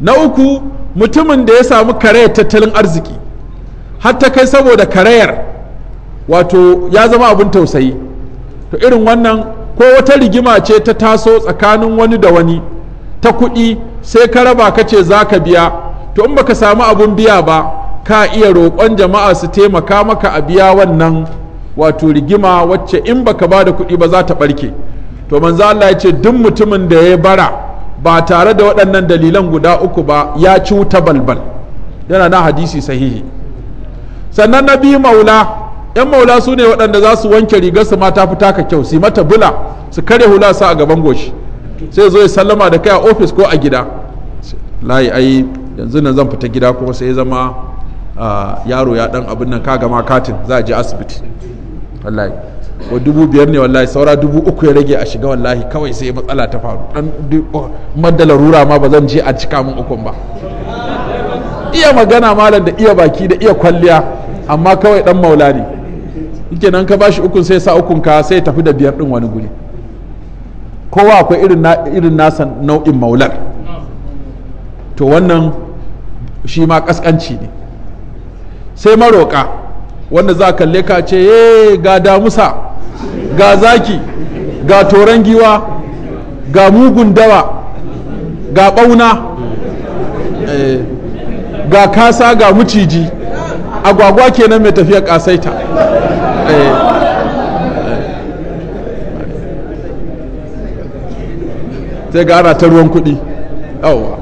[SPEAKER 1] na uku mutumin da ya samu karayar tattalin arziki hatta kai saboda karayar wato ya zama abin tausayi to irin wannan ko wata rigima ce ta taso tsakanin wani da wani ta kuɗi sai ka raba ka ce za ka biya to in baka samu abun biya ba ka iya roƙon jama'a su taimaka maka a biya wannan wato rigima wacce in baka ba da kuɗi ba za ta ɓarke to manzo Allah ya ce duk mutumin da ya bara ba tare da waɗannan dalilan guda uku ba ya ci wuta balbal yana na hadisi sahihi sannan na biyu maula yan maula su ne waɗanda za su wanke rigar su mata fita ka kyau su mata bula su kare hula su a gaban goshi sai zo ya sallama da kai a ofis ko a gida layi ai yanzu nan zan fita gida kuma sai zama yaro ya dan abin nan kaga ma katin za a je asibiti wallahi ko dubu biyar ne wallahi saura dubu uku ya rage a shiga wallahi kawai sai matsala ta faru dan oh, madda rura ma ba zan je a cika min ukun ba iya magana malam da iya baki da iya kwalliya amma kawai dan maula ne nan ka bashi ukun sai sa ukun ka sai tafi da biyar din wani guri kowa akwai irin nasa nau'in maular to wannan shi ma kaskanci ne sai maroƙa wanda za kalle ka ce ye eh, ga damusa ga zaki ga toron giwa ga mugun dawa ga ɓauna eh, ga kasa ga muciji agwagwa kenan mai tafiya kasaita eh. sai ga ana ta ruwan kuɗi yawwa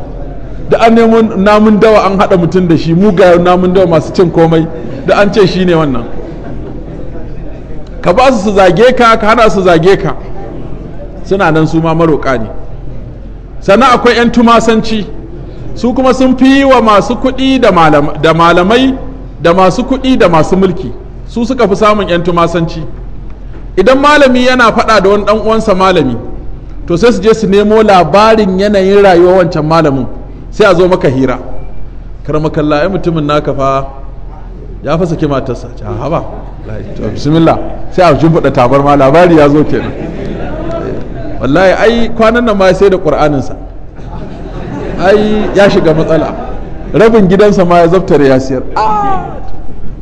[SPEAKER 1] da an nemo namun dawa an haɗa mutum da shi mugayen namun dawa masu cin komai da an ce shi ne wannan ka ba su su zage ka ka hana su zage ka suna nan su ma maroƙa ne sannan akwai 'yan tumasanci su kuma sun fi wa masu kuɗi da malamai da masu kuɗi da masu mulki su suka fi samun 'yan tumasanci idan malami yana faɗa da wani ɗan uwansa malami to sai su je su nemo labarin yanayin rayuwa wancan malamin sai a zo maka hira karmakalla ya mutumin naka fa ya fasa ke matarsa ta haba to bismillah sai a tabar ma labari ya zo kenan wallahi ai kwanan nan ma sai da ƙur'aninsa ai ya shiga matsala rabin gidansa ma ya zaftare ya ah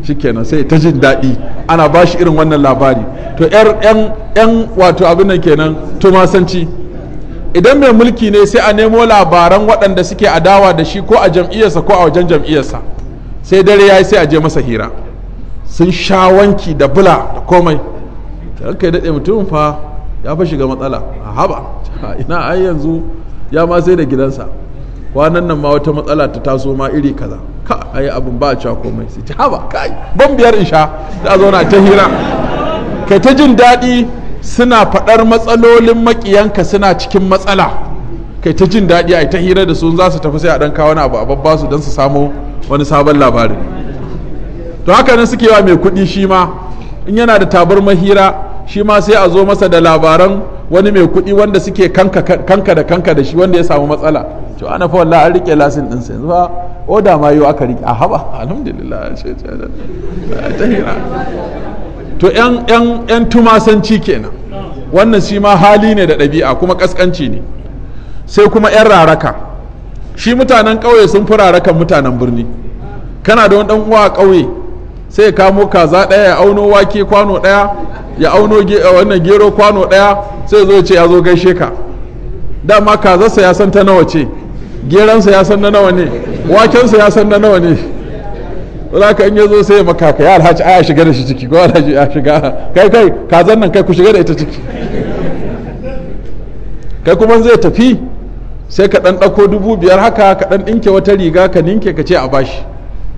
[SPEAKER 1] shikenan sai ta jin daɗi ana ba shi irin wannan labari to yan wato abin nan kenan tumasanci idan mai mulki ne sai a nemo labaran waɗanda suke adawa da shi ko a jam'iyyarsa ko a wajen jam'iyyarsa sai dare ya yi sai a je masa hira sun sha wanki da bula da komai da kai daɗe mutum fa ya fa shiga matsala a haba ina ai yanzu ya ma sai da gidansa kwanan nan ma wata matsala ta taso ma iri kaza ka ayi abin ba a cewa komai sai ta haba kai ban biyar in sha a zauna ta hira kai ta jin daɗi suna faɗar matsalolin maƙiyanka suna cikin matsala kai ta jin daɗi a ta hira da su za su tafi sai a ɗan kawo wani abu a babba su don su samo wani sabon labarin to haka nan suke wa mai kuɗi shi ma in yana da tabar mahira shi ma sai a zo masa da labaran wani mai kuɗi wanda suke kanka da kanka da shi wanda ya samu matsala to ana fa wallahi an rike lasin din sai ba oda ma yau aka rike a haba alhamdulillah to yan yan yan tumasanci kenan wannan shi ma hali ne da ɗabi'a kuma kaskanci ne sai kuma yan raraka shi mutanen ƙauye sun fi rarakan mutanen birni kana da wani dan uwa a ƙauye sai ya kamo kaza ɗaya ya auno wake kwano ɗaya ya auno eh, wannan gero kwano ɗaya sai zo ce ya zo gaishe ka dama kazarsa ya san ta nawa ce geransa ya san na nawa ne wakensa ya san na nawa ne ka in ya zo sai ya maka ka ya alhaji a shiga da shi ciki ko alhaji ya shiga kai kai kazan nan kai ku shiga da ita ciki kai kuma zai tafi sai ka ɗan ɗauko dubu biyar haka ka ɗan ɗinke wata riga ka ninke ka ce a bashi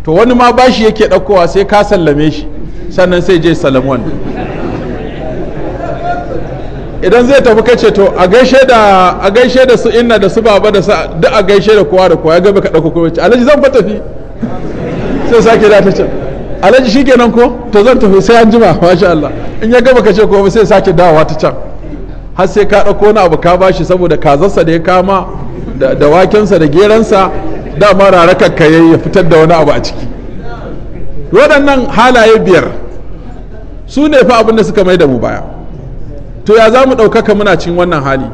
[SPEAKER 1] to wani ma bashi yake ɗaukowa sai ka sallame shi sannan sai je salamon wani idan zai tafi kace to a gaishe da a gaishe da su inna da su baba da sa duk a gaishe da kowa da kowa ya gaba ka ɗauko kowa ce alhaji zan fa tafi sai sake da ta ce alhaji shikenan ko to zan tafi sai an jima masha Allah in ya gaba kace kowa sai sake dawowa ta can har sai ka ɗauko wani abu ka bashi saboda kazarsa da ya kama da wakensa da geransa dama rarakar ka ya fitar da wani abu a ciki waɗannan halaye biyar su ne fa abin da suka mai da mu baya to ya za mu ɗaukaka muna cin wannan hali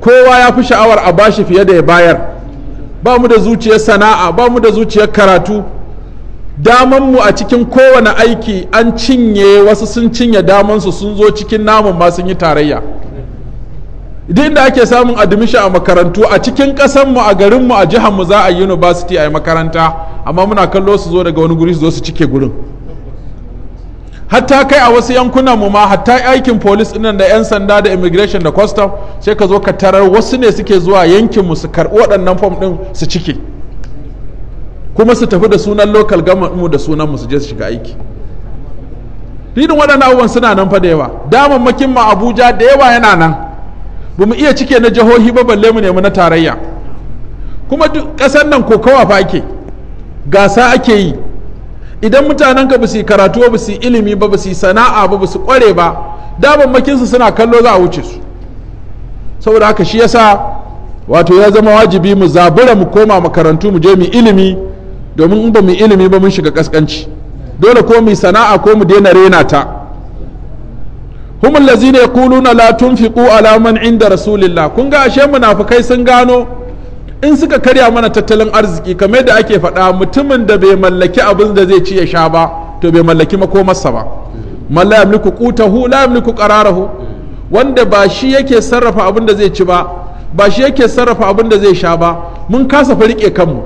[SPEAKER 1] kowa ya fi sha'awar a bashi fiye da ya bayar ba mu da zuciyar sana'a ba mu da zuciyar karatu daman mu a cikin kowane aiki an cinye wasu sun cinye damansu sun zo cikin namun ma sun yi tarayya duk inda ake samun admission a makarantu a cikin kasanmu a garinmu a jihar mu za a yi university a yi makaranta amma muna kallo su zo daga wani guri su zo su cike gurin hatta kai a wasu yankunan mu ma hatta aikin din nan da 'yan sanda da immigration da custom sai ka zo ka tarar wasu ne suke zuwa yankinmu su karɓi waɗannan fom ɗin su cike kuma su tafi da sunan local government mu da sunan mu su je su shiga aiki irin waɗannan abubuwan suna nan fa da yawa damammakin ma abuja da yawa yana nan ba mu iya cike na jihohi ba balle mu nemi na tarayya kuma duk ƙasar nan kokawa fa ake gasa ake yi idan mutanen ka ba su karatu ba su ilimi ba ba su sana'a ba ba su kware ba makin su suna kallo za a wuce su saboda haka shi yasa wato ya zama wajibi mu zabura mu koma makarantu mu je mu ilimi domin in ba mu ilimi ba mun shiga kaskanci dole ko mu sana'a ko mu daina rena ta hum allazina yaquluna la tunfiqu ala man inda rasulillah kun ga ashe munafikai sun gano in suka karya mana tattalin arziki kamar da ake faɗa mutumin da bai mallaki abin da zai ci ya sha ba to bai mallaki makomarsa ba man la yamliku qutahu la yamliku qararahu wanda ba shi yake sarrafa abin da zai ci ba ba shi yake sarrafa abin da zai sha ba mun kasa farike kanmu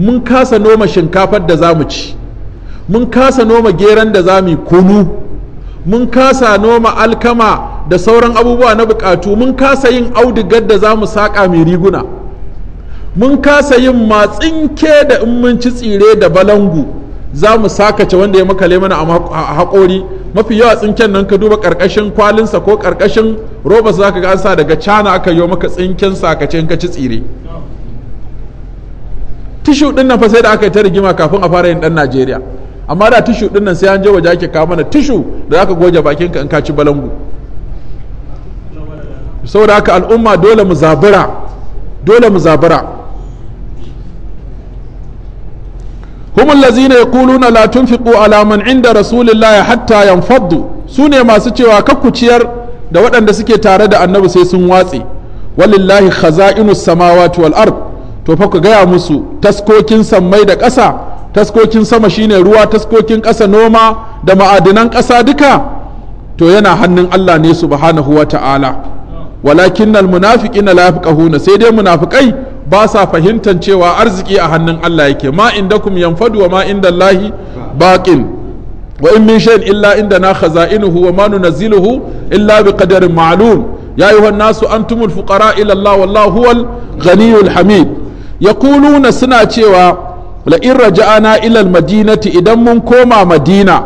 [SPEAKER 1] mun kasa noma shinkafar da zamu ci mun kasa noma geran da zamu kunu mun kasa noma alkama da sauran abubuwa na bukatu mun kasa yin audigar da za mu saƙa mai riguna mun kasa yin matsinke da in mun ci tsire da balangu za mu sakace wanda ya makale mana a haƙori mafi yawa tsinken nan ka duba ƙarƙashin kwalinsa ko ƙarƙashin robas za ka sa daga cana aka yi maka tsinken sakace in ka ci tsire tishu ɗin nan fa sai da aka yi ta rigima kafin a fara yin ɗan najeriya amma da tishu din nan sai an je waje ake kawo mana tishu da zaka goge bakinka in ka ci balangu saboda haka al'umma dole mu zabura dole mu zabura humul الذين yaquluna la tunfiqu ala man inda rasulillahi hatta حتى sune masu cewa kakku ciyar da waɗanda suke tare da annabi sai sun watse walillahi khaza'inus samawati wal ard to fa ku gaya musu taskokin sammai da ƙasa taskokin sama shine ruwa taskokin ƙasa noma da ma'adinan ƙasa duka to yana hannun Allah ne subhanahu wa ta'ala walakin almunafiqin la yafqahuna sai dai munafikai ba sa fahimtar cewa arziki a hannun Allah yake ma indakum yanfadu wa ma indallahi baqin wa in min shay'in illa indana khaza'inuhu wa ma nunazziluhu illa biqadarin ma'lum ya ayuha nasu antumul fuqara ila Allah wallahu huwal ghaniyul hamid yaquluna suna cewa la'in raja'ana ilal madinati idan mun koma madina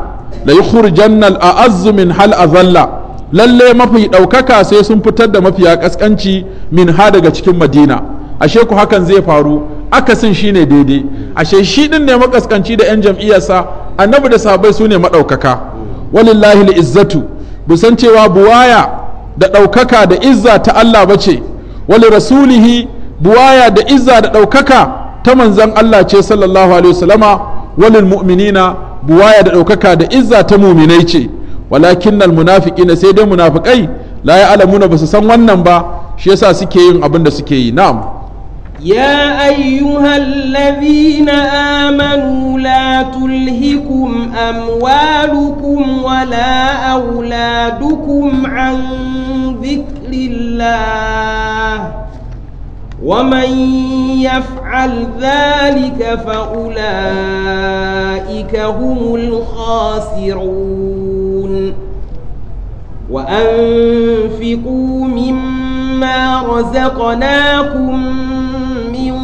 [SPEAKER 1] la yukhrijanna a aazzu min hal azalla lalle mafi ɗaukaka sai sun fitar da mafiya ƙasƙanci min ha daga cikin madina ashe ku hakan zai faru akasin shine daidai ashe shi ɗin ne maƙasƙanci da 'yan jam'iyyarsa annabi da sabai su ne maɗaukaka walillahi izzatu busan cewa buwaya da ɗaukaka da izza ta Allah bace wali rasulihi buwaya da izza da ɗaukaka ta manzon Allah ce sallallahu alaihi wasallama walil mu'minina buwaya da ɗaukaka da izza ta muminai ce walakin al munafiqina sai dai munafikai la ya'lamuna basu san wannan ba shi yasa suke yin abin da suke yi na'am
[SPEAKER 2] ya أيها الذين آمنوا لا تلهكم أموالكم ولا أولادكم عن ذكر الله ومن يفعل يفعل ذلك فأولئك هم الخاسرون وأنفقوا مما رزقناكم من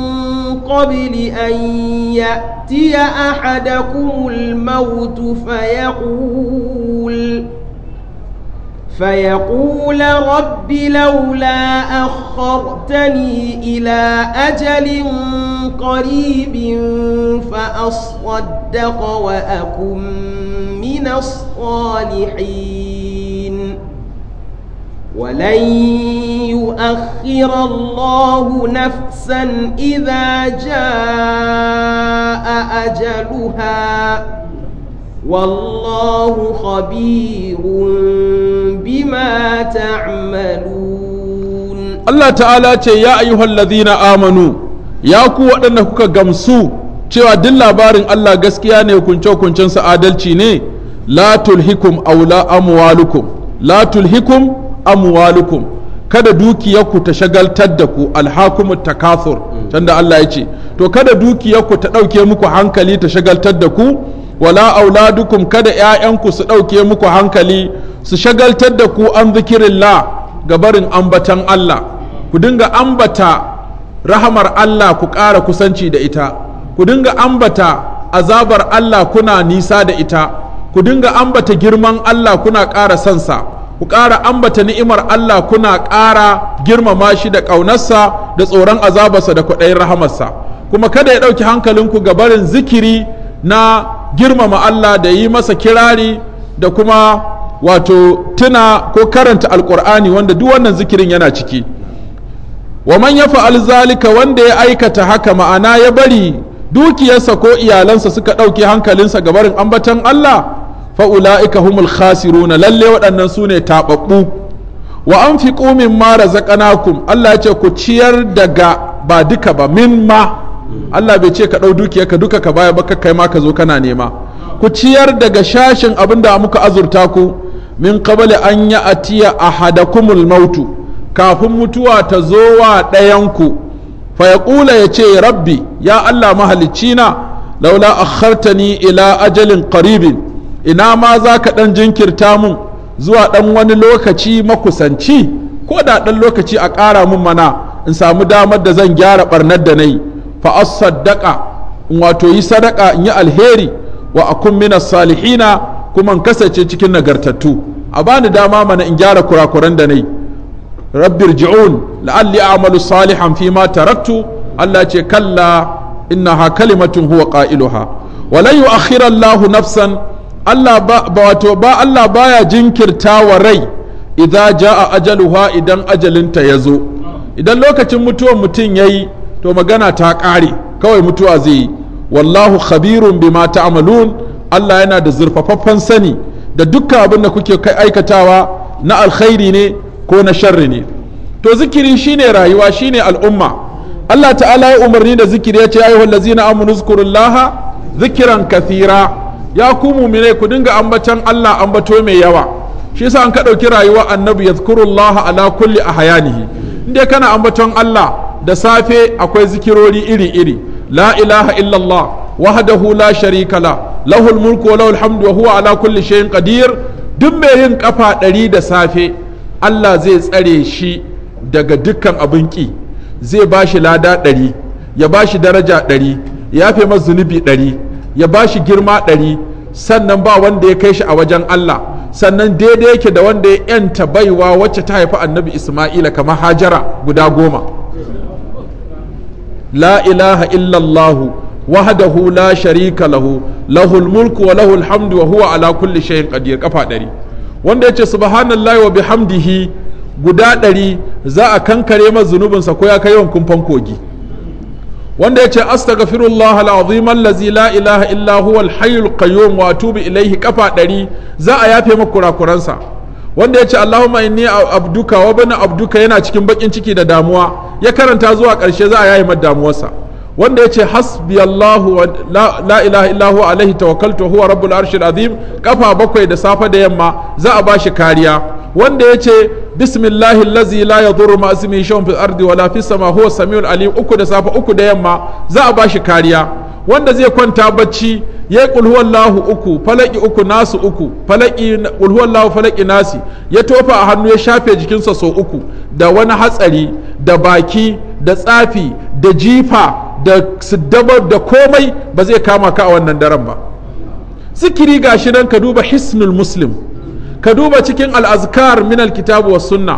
[SPEAKER 2] قبل أن يأتي أحدكم الموت فيقول فيقول رب لولا أخرتني إلى أجل قريب فأصدق وأكن من الصالحين ولن يؤخر الله نفسا إذا جاء أجلها والله خبير
[SPEAKER 1] Allah ta'ala ce ya ayyuhal ladhina amanu ya ku waɗanda kuka gamsu cewa duk labarin Allah gaskiya ne kunce su adalci ne la tulhikum aula amwalukum la tulhikum amwalukum kada dukiyarku ta shagaltar da ku alhakumu takathur tanda Allah ya ce to kada dukiyarku ta ɗauke muku hankali ta shagaltar da ku wala auladukum kada 'ya'yanku su ɗauke muku hankali su shagaltar da ku an zikirillah ga barin ambatan Allah ku dinga ambata rahamar Allah ku ƙara kusanci da ita ku dinga ambata azabar Allah kuna nisa da ita ku dinga ambata girman Allah kuna ƙara sansa ku ƙara ambata ni'imar Allah kuna ƙara girmama shi da ƙaunarsa da tsoron azabarsa da kwaɗayin rahamarsa kuma kada ya ɗauki hankalinku ga barin zikiri na girmama Allah da yi masa kirari da kuma wato tuna ko karanta alkur'ani wanda duk wannan zikirin yana ciki wa man ya fa'al zalika wanda ya aikata haka ma'ana ya bari dukiyarsa ko iyalansa suka ɗauki hankalinsa ga barin ambatan Allah fa ula'ika humul khasiruna lalle waɗannan su ne taɓaɓɓu wa an fi ƙumin ma razaqnakum Allah ya ce ku ciyar daga ba duka ba min ma Allah bai ce ka ɗau dukiyarka duka ka baya ba kai ma ka zo kana nema ku ciyar daga shashin abinda muka azurta ku min kabali an hada hadakumul mautu kafin mutuwa ta zo wa ɗayanku fa ya ce rabbi ya Allah mahalicina laula a akhartani ila ajalin qaribin ina ma za ka ɗan jinkirta mun zuwa ɗan wani lokaci makusanci ko da ɗan lokaci a ƙara mun mana in samu damar da zan gyara ɓarnar da na yi fa as sadaka, in wato yi sadaka in yi alheri wa a minas salihina kuma kasance cikin nagartattu a bani dama mana in gyara kurakuran da nai rabbir ji'un la'alli a'malu salihan fi ma taraktu Allah ce kalla ha kalimatun huwa qailuha wa lan yu'akhkhira Allahu nafsan Allah ba wato ba Allah baya jinkirta wa rai idza jaa ajaluha idan ajalinta ya zo idan lokacin mutuwar mutum yayi to magana ta kare kawai mutuwa zai yi wallahu khabirun bima ta'malun Allah yana da zurfafaffen sani da dukkan abin da kuke aikatawa na alkhairi ne ko na sharri ne to zikiri shine rayuwa shine al'umma Allah ta'ala ya umarni da zikiri ya ce ayyuhal ladzina amanu zkurullaha zikiran kathira ya ku mu'mine ku dinga ambatan Allah ambato mai yawa shi yasa an ka dauki rayuwa annabi yadhkurullaha ala kulli ahayanihi inda kana ambaton Allah da safe akwai zikirori iri iri la ilaha illallah wahdahu la sharika la lahul mulku wa lahul hamdu wa huwa ala kulli shay'in qadir duk mai yin ƙafa ɗari da safe Allah zai tsare shi daga dukkan abun ƙi zai ba shi lada ɗari ya ba shi daraja ɗari yafe fi masa zunubi ɗari ya ba shi girma ɗari sannan ba wanda ya kai shi a wajen Allah sannan daidai yake da wanda ya yanta baiwa wacce ta haifi annabi Ismaila kamar hajara guda goma la ilaha illallahu wahdahu la sharika lahu lahul mulku wa lahul hamdu wa huwa ala kulli shay'in qadir kafa ɗari wanda yace subhanallahi wa bihamdihi guda ɗari za a kankare ma zunubinsa ko ya kai kumfan kogi wanda yace astaghfirullah alazim allazi la ilaha illa huwa alhayyul qayyum wa atubu ilayhi kafa ɗari za a yafe maka kurakuransa wanda yace allahumma inni abduka wa bana abduka yana cikin bakin ciki da damuwa ya karanta zuwa ƙarshe za a yayi damuwarsa wanda ya ce wa la ilaha illahu alaihi tawakkaltu huwa rabbul arshil azim kafa bakwai da safe da yamma za a bashi kariya wanda ya ce bismillahi الله الذي لا يضر ما اسمه شيء في الارض ولا في السماء هو السميع uku da safe uku da yamma za a bashi kariya wanda zai kwanta bacci ya kul uku falaki uku nasu uku falaki falaki nasi ya tofa a hannu ya shafe jikinsa sau uku da wani hatsari da baki da tsafi da jifa da da komai ba zai kama ka a wannan daren ba zikiri shi nan ka duba hisnul muslim ka duba cikin al'azkar min alkitabu wa sunna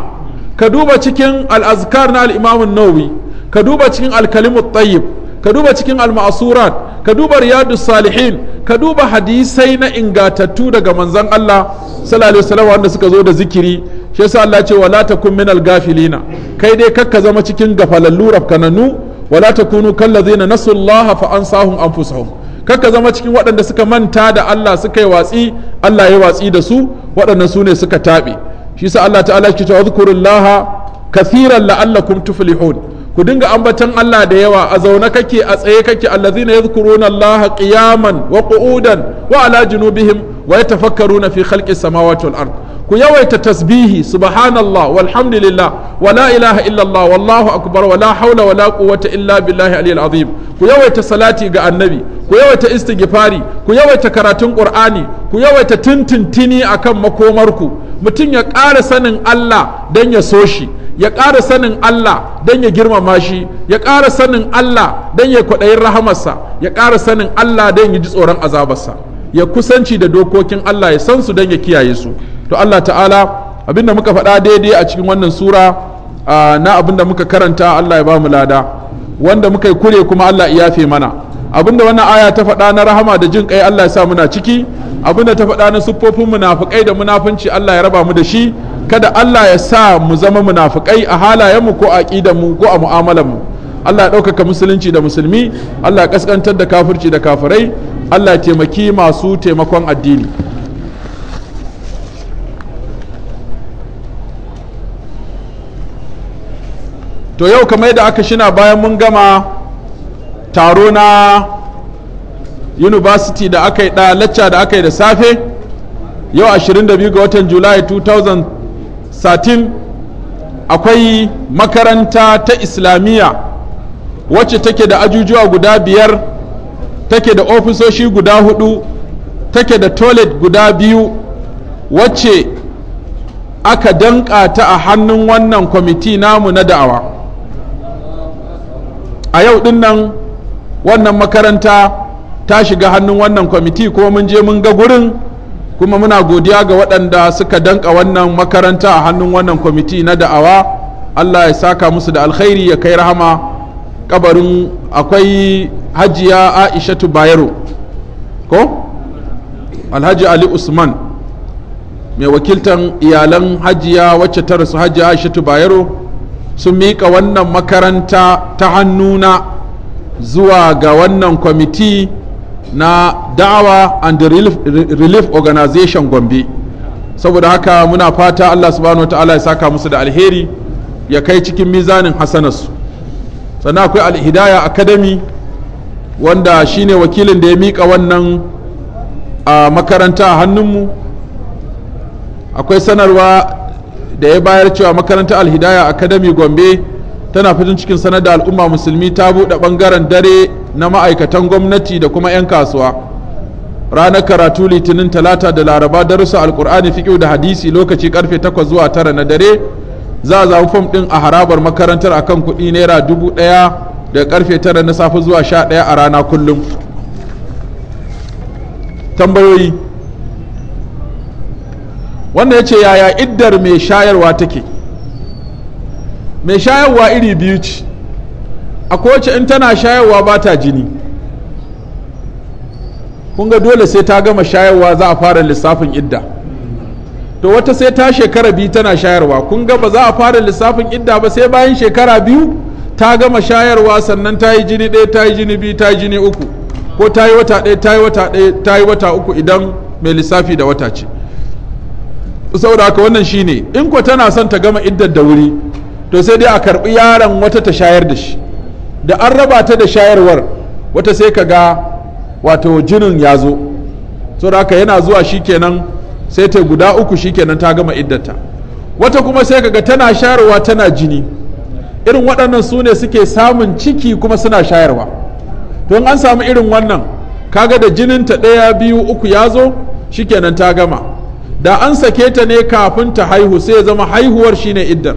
[SPEAKER 1] ka duba cikin al'azkar na al'imamun nawawi ka duba cikin alkalimun tayyib ka duba cikin almasurat ka duba riyadu salihin ka duba hadisai na ingatattu daga manzan Allah sallallahu alaihi wanda suka zo da zikiri shi yasa Allah ce wala takun minal gafilina kai dai kakka zama cikin gafalallu rafkananu wala takunu kallazina nasullaha fa ansahum anfusahum kakka zama cikin waɗanda suka manta da Allah suka yi watsi Allah ya watsi da su waɗannan su ne suka taɓe shi sa Allah ta'ala ke cewa zkurullaha kathiran la'allakum tuflihun ku dinga ambatan Allah da yawa a zaune kake a tsaye kake allazina yadhkuruna Allah qiyaman wa qu'udan wa ala junubihim wa yatafakkaruna fi khalqis samawati wal ard ku yawaita tasbihi subhanallah walhamdulillah wala ilaha illallah wallahu akbar wala haula wala quwwata illa billahi aliyil azim ku yawaita salati ga annabi ku yawaita istighfari ku yawaita karatun qur'ani ku yawaita tintintini akan makomarku mutum ya ƙara sanin Allah dan ya so shi ya ƙara sanin Allah dan ya girmama shi ya ƙara sanin Allah dan ya kwaɗayin rahamarsa ya ƙara sanin Allah dan ya ji tsoron azabarsa ya kusanci da dokokin Allah ya san su don ya kiyaye su to Allah ta'ala abinda muka faɗa daidai a cikin wannan sura na abinda muka karanta Allah ya ba mu lada wanda muka yi kure kuma Allah ya yafe mana abin da wannan aya ta faɗa na rahama da jin kai Allah ya sa muna ciki abin da ta faɗa na siffofin munafukai da munafunci Allah ya raba mu da shi kada Allah ya sa mu zama munafukai a halayenmu ko a mu ko a mu'amalanmu mu Allah ɗaukaka musulunci da musulmi Allah ƙasƙantar da kafirci da kafirai Allah taimaki masu taimakon addini to yau kamar yadda aka shina bayan mun gama taro na university da aka yi da lacca da aka yi da safe yau 22 ga watan july 2013 akwai makaranta ta islamiyya wacce take da ajujuwa guda biyar take da ofisoshi guda hudu take da toilet guda biyu wacce aka danka ta a hannun wannan kwamiti namu na da'awa a yau din nan wannan makaranta ta shiga hannun wannan kwamiti kuma mun je mun ga gurin kuma muna godiya ga waɗanda suka danka wannan makaranta a hannun wannan kwamiti na da'awa allah ya saka musu da alkhairi ya kai rahama kabarin akwai hajiya aishatu bayero ko alhaji ali usman mai wakiltan iyalan hajiya wacce ta rasu hajiya aishatu bayero sun miƙa wannan makaranta ta hannuna zuwa ga wannan kwamiti na da'awa and relief, relief organization gombe saboda haka muna fata allah subhanahu wa ta'ala ya saka musu da alheri ya kai cikin mizanin hasanarsu sannan akwai alhidaya academy wanda shine wakilin da ya mika wannan a makaranta a hannunmu akwai sanarwa da ya bayar cewa makarantar alhidaya academy gombe tana fitin cikin sanar da al'umma musulmi ta buɗe ɓangaren dare na ma'aikatan gwamnati da kuma 'yan kasuwa ranar karatu litinin talata da laraba darussa alkur'ani fiƙo da hadisi lokaci karfe 8 zuwa 9 na dare za a zaɓi fom ɗin a harabar makarantar akan kuɗi naira dubu ɗaya da karfe tara na safe zuwa sha ɗaya a rana kullum tambayoyi wanda ya ce yaya iddar mai shayarwa take mai shayarwa iri biyu ce a kowace in tana shayarwa ba ta jini ga dole sai ta gama shayarwa za a fara lissafin idda to wata sai ta shekara biyu tana shayarwa kun ga ba za a fara lissafin idda ba sai bayan shekara biyu ta gama shayarwa sannan ta yi jini ɗaya ta yi jini biyu ta yi jini uku ko ta yi wata ɗaya ta yi wata ɗaya ta yi wata uku idan mai lissafi da wata ce saboda haka wannan shine in ko tana son ta gama iddar da wuri to sai dai a karbi yaron wata ta shayar da shi da an raba ta da shayarwar wata sai ka ga wato jinin ya zo saboda haka yana zuwa shi kenan sai ta guda uku shikenan ta gama iddata wata kuma sai kaga tana shayarwa tana jini irin waɗannan su ne suke samun ciki kuma suna shayarwa to an samu irin wannan kaga da jinin ta ɗaya biyu uku ya zo shikenan ta gama da an sake ta ne kafin ta haihu sai ya zama haihuwar shine iddar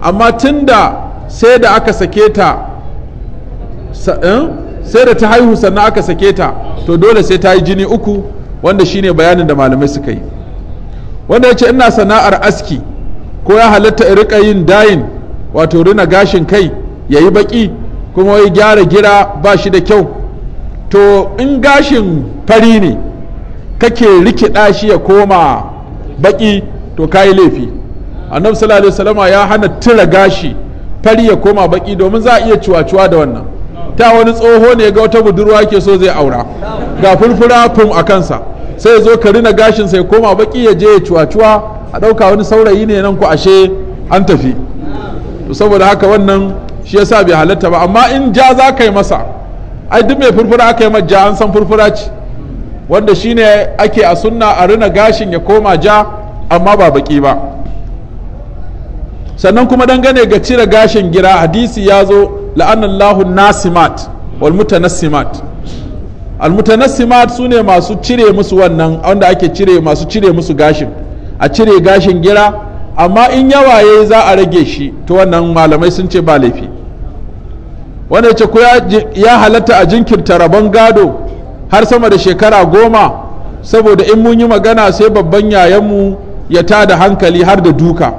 [SPEAKER 1] amma tunda sai da aka sake ta eh, sai da ta haihu sannan aka sake ta to dole sai ta yi jini uku wanda shine bayanin da malamai suka yi wanda ya ce ina sana'ar aski ko ya halatta in rika yin dayin wato rina gashin kai ya yi baki kuma ya gyara gira ba shi da kyau to in gashin fari ne kake rikida shi ya koma baki to kayi laifi annabi sallallahu alaihi ya hana tira gashi fari ya koma baki domin za a iya cuwa-cuwa da wannan ta wani tsoho ne ga wata budurwa ke so zai aura ga fulfura fum a kansa sai ya zo ka rina gashin ya koma baki ya je ya cuwa-cuwa a ɗauka wani saurayi ne nan ku ashe an tafi to saboda haka wannan shi ya sa bai halatta ba amma in ja za ka yi masa ai duk mai furfura aka yi ja an san furfura ce wanda shine ake a sunna a rina gashin ya koma ja amma ba baki ba sannan kuma dangane ga cire gashin gira hadisi ya zo la'anallahu nasimat wal mutanassimat almutanassimat su ne masu cire musu wannan wanda ake cire masu cire musu gashin a cire gashin gira amma in yawa ya za a rage shi ta wannan malamai sun ce ba laifi wanda ce ku ya halatta a jinkirta rabon gado har sama da shekara goma saboda in mun yi magana sai babban yayanmu ya ta da hankali har da duka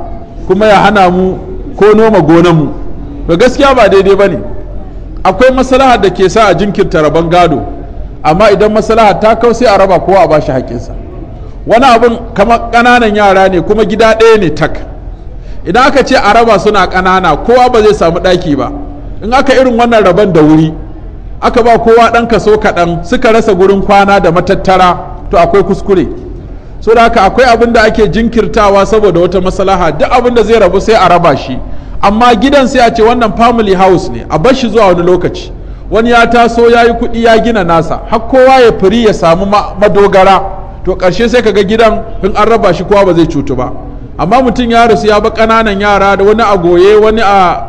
[SPEAKER 1] kuma ya hana mu ko noma gonanmu to gaskiya ba daidai ba ne akwai maslaha da ke sa a jinkirta rabon gado amma idan maslaha ta kau sai a raba kowa a shi haƙƙinsa wani abin kamar ƙananan yara ne kuma gida ɗaya ne tak idan aka ce a raba suna ƙanana kowa ba zai samu ɗaki ba in aka irin wannan rabon da wuri aka ba kowa ɗan kaso kaɗan suka rasa gurin kwana da matattara to akwai kuskure so da haka akwai abin da ake jinkirtawa saboda wata maslaha duk abin da zai rabu sai a raba shi amma gidan sai a ce wannan family house ne a bar shi zuwa wani lokaci wani ya taso ya yi kuɗi ya gina nasa har kowa ya firi ya samu madogara to ƙarshe sai ka ga gidan in an raba shi kowa ba zai cutu ba amma mutum ya rasu ya ba ƙananan yara da wani a goye wani a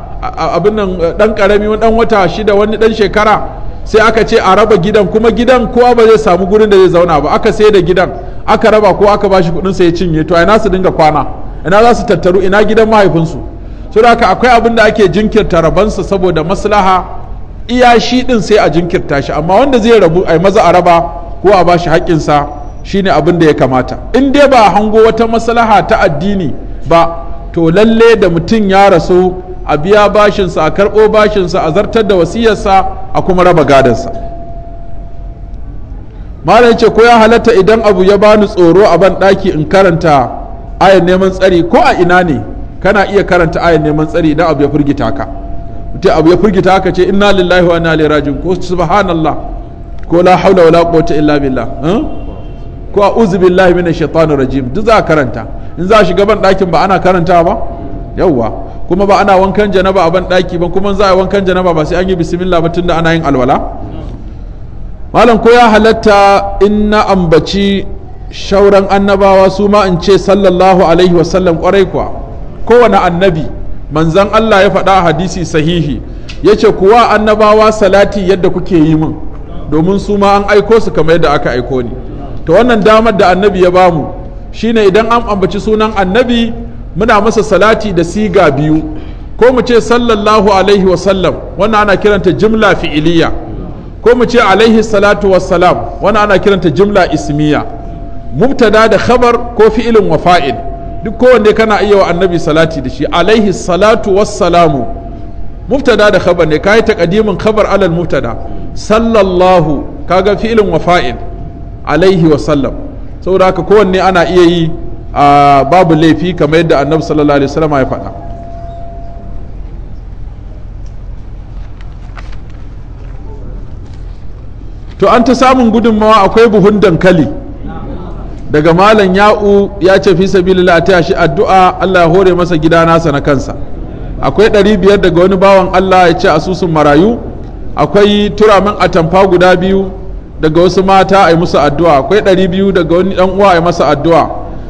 [SPEAKER 1] abin nan eh, ɗan ƙarami wani ɗan wata shida wani ɗan shekara sai aka ce a raba gidan kuma gidan kowa ba zai samu gurin da zai zauna ba aka sai da gidan aka raba ko aka bashi kuɗin sa ya cinye to ina su dinga kwana ina za su tattaru ina gidan mahaifinsu su haka akwai abin da ake jinkirta rabansa saboda maslaha iya shi din sai a jinkirta shi amma wanda zai rabu ai maza a raba ko a bashi haƙƙinsa shine abin da ya kamata in dai ba a hango wata maslaha ta addini ba to lalle da mutum ya rasu a biya bashinsa a karɓo bashinsa a zartar da wasiyarsa a kuma raba gadansa malam ce ko ya halatta idan abu ya bani tsoro a ban ɗaki in karanta ayan neman tsari ko a ina ne kana iya karanta ayan neman tsari idan abu ya firgita ka ta abu ya firgita aka ce inna lillahi wa inna ilaihi raji'un ko subhanallah ko la haula wala quwwata illa billah eh? ko a'udhu billahi minash shaitanir rajim duk za karanta in za shiga ban ɗakin ba ana karanta ba yawwa kuma ba ana wankan janaba a ban ɗaki ba kuma za a wankan janaba ba sai an yi bismillah ba tunda ana yin alwala malam ko ya halatta in na ambaci shauran annabawa su ma in ce sallallahu alaihi wasallam kwarai kuwa kowane annabi manzan Allah ya faɗa a hadisi sahihi ya ce kuwa annabawa salati yadda kuke yi min domin su ma an aiko su kamar yadda aka aiko ni ta wannan damar da annabi ya bamu shine idan an ambaci sunan annabi muna masa salati da siga biyu ko mu ce sallallahu alaihi wasallam wannan ana kiranta jimla fi'iliya ko mu ce alaihi salatu wassalam wannan ana kiranta jimla ismiya mubtada da khabar ko fi'ilin wa fa'il duk kowanne kana iya wa annabi salati da shi alaihi salatu wassalamu mubtada da khabar ne kai taqdimin khabar alal mubtada sallallahu kaga filin wa fa'il alaihi wa sallam saboda haka kowanne ana iya yi a babu laifi kamar yadda annabi sallallahu alaihi wasallam ya faɗa to an ta samun gudunmawa akwai buhun dankali daga malam ya'u ya ce fi sabilillah ta shi addu'a Allah ya hore masa gida nasa na kansa akwai ɗari biyar daga wani bawan Allah ya ce asusun marayu akwai turamin atamfa guda biyu daga wasu mata a yi musu addu'a akwai ɗari biyu daga wani ɗan uwa a yi masa addu'a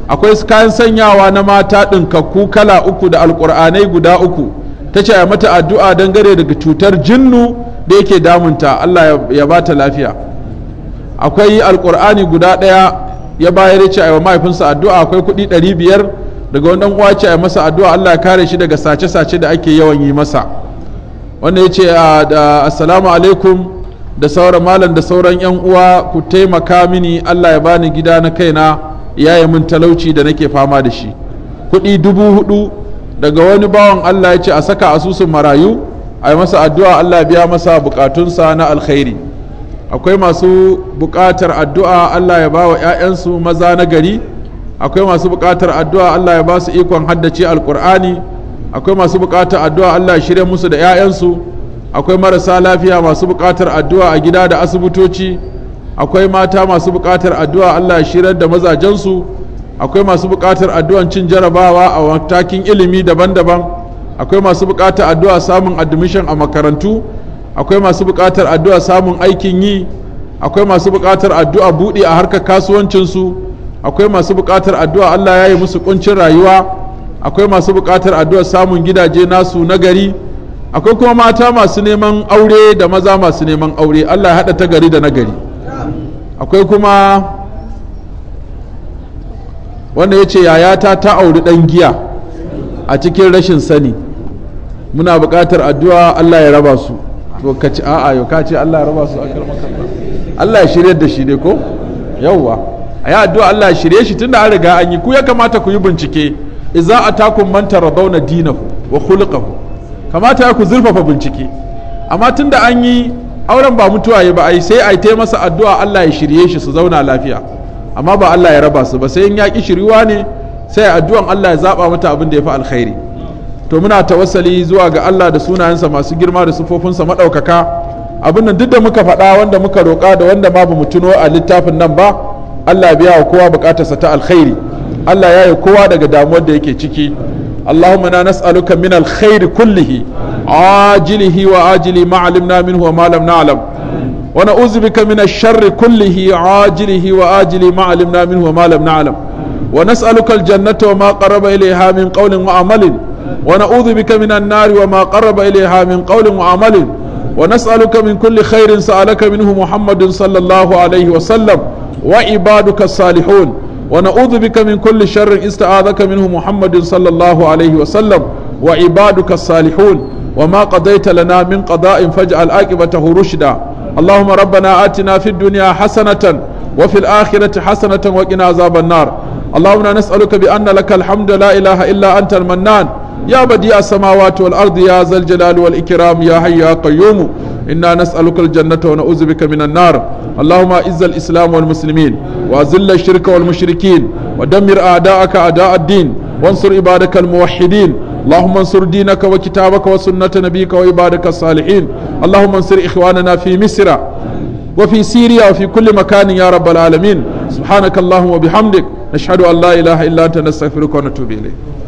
[SPEAKER 1] akwai kayan sanyawa na mata ɗinkakku kala uku da alƙur'anai guda uku ta ce a mata addu'a dangare daga cutar jinnu da yake damunta Allah ya ba ta lafiya akwai alƙur'ani guda ɗaya ya bayar ya ce a mahaifinsa addu'a akwai kuɗi ɗari biyar daga wani ɗan uwa ce a masa addu'a Allah ya kare shi daga sace-sace da ake yawan yi masa wanda ya ce assalamu alaikum da sauran malam da sauran yan uwa ku taimaka mini Allah ya bani gida na kaina ya yi min talauci da nake fama da shi kuɗi dubu hudu daga wani bawan Allah ya ce a saka asusun marayu a yi masa addu'a Allah ya biya masa bukatunsa na alkhairi akwai masu buƙatar addu'a Allah ya ba wa 'ya'yansu maza na gari akwai masu buƙatar addu'a Allah ya ba su ikon haddace alƙur'ani akwai masu buƙatar addu'a Allah ya shirya musu da 'ya'yansu akwai marasa lafiya masu buƙatar addu'a a gida da asibitoci akwai mata masu buƙatar addu'a Allah ya shirar da mazajensu akwai masu buƙatar addu'an cin jarabawa a matakin ilimi daban-daban akwai masu buƙatar addu'a samun admission a makarantu akwai masu buƙatar addu'a samun aikin yi akwai masu buƙatar addu'a buɗe a harkar kasuwancinsu akwai masu buƙatar addu'a Allah ya yi musu ƙuncin rayuwa akwai masu buƙatar addu'a samun gidaje nasu nagari akwai kuma mata masu neman aure da maza masu neman aure Allah ya haɗa ta gari da nagari akwai kuma wanda ya ce yayata ta auri ɗan giya a cikin rashin sani muna buƙatar addu'a Allah ya raba su to ka ci a'a yau ka Allah ya raba su a karmaka Allah ya shirye da shi ne ko yawwa a yi addu'a Allah ya shirye shi tunda an riga an yi ku ya kamata ku yi bincike idza atakum man taradawna dinahu wa khuluquhu kamata ya ku zurfafa bincike amma tunda an yi auren ba mutuwa ya ba ai sai ai ta masa addu'a Allah ya shirye shi su zauna lafiya amma ba Allah ya raba su ba sai in ya ki shiriwa ne sai addu'an Allah ya zaba mata abin da ya fi alkhairi to muna tawassali zuwa ga Allah da sunayensa masu girma da sufofinsa maɗaukaka abin nan duk da muka faɗa wanda muka roƙa da wanda ba bamu tuno a littafin nan ba Allah biya wa kowa buƙatarsa ta alkhairi Allah ya yi kowa daga damuwar da yake ciki اللهم انا نسالك من الخير كله عاجله واجله ما علمنا منه وما لم نعلم ونعوذ بك من الشر كله عاجله واجله ما علمنا منه وما لم نعلم ونسالك الجنه وما قرب اليها من قول وعمل ونعوذ بك من النار وما قرب إليها من قول وعمل ونسألك من كل خير سألك منه محمد صلى الله عليه وسلم وعبادك الصالحون ونعوذ بك من كل شر استعاذك منه محمد صلى الله عليه وسلم وعبادك الصالحون وما قضيت لنا من قضاء فاجعل عاقبته رشدا اللهم ربنا آتنا في الدنيا حسنة وفي الآخرة حسنة وقنا عذاب النار اللهم نسألك بأن لك الحمد لا إله إلا أنت المنان يا بديع السماوات والأرض يا ذا الجلال والإكرام يا حي يا قيوم إنا نسألك الجنة ونعوذ بك من النار اللهم أعز الإسلام والمسلمين وأذل الشرك والمشركين ودمر أعداءك أعداء الدين وانصر عبادك الموحدين اللهم انصر دينك وكتابك وسنة نبيك وعبادك الصالحين اللهم انصر إخواننا في مصر وفي سوريا وفي كل مكان يا رب العالمين سبحانك اللهم وبحمدك نشهد أن لا إله إلا أنت نستغفرك ونتوب إليك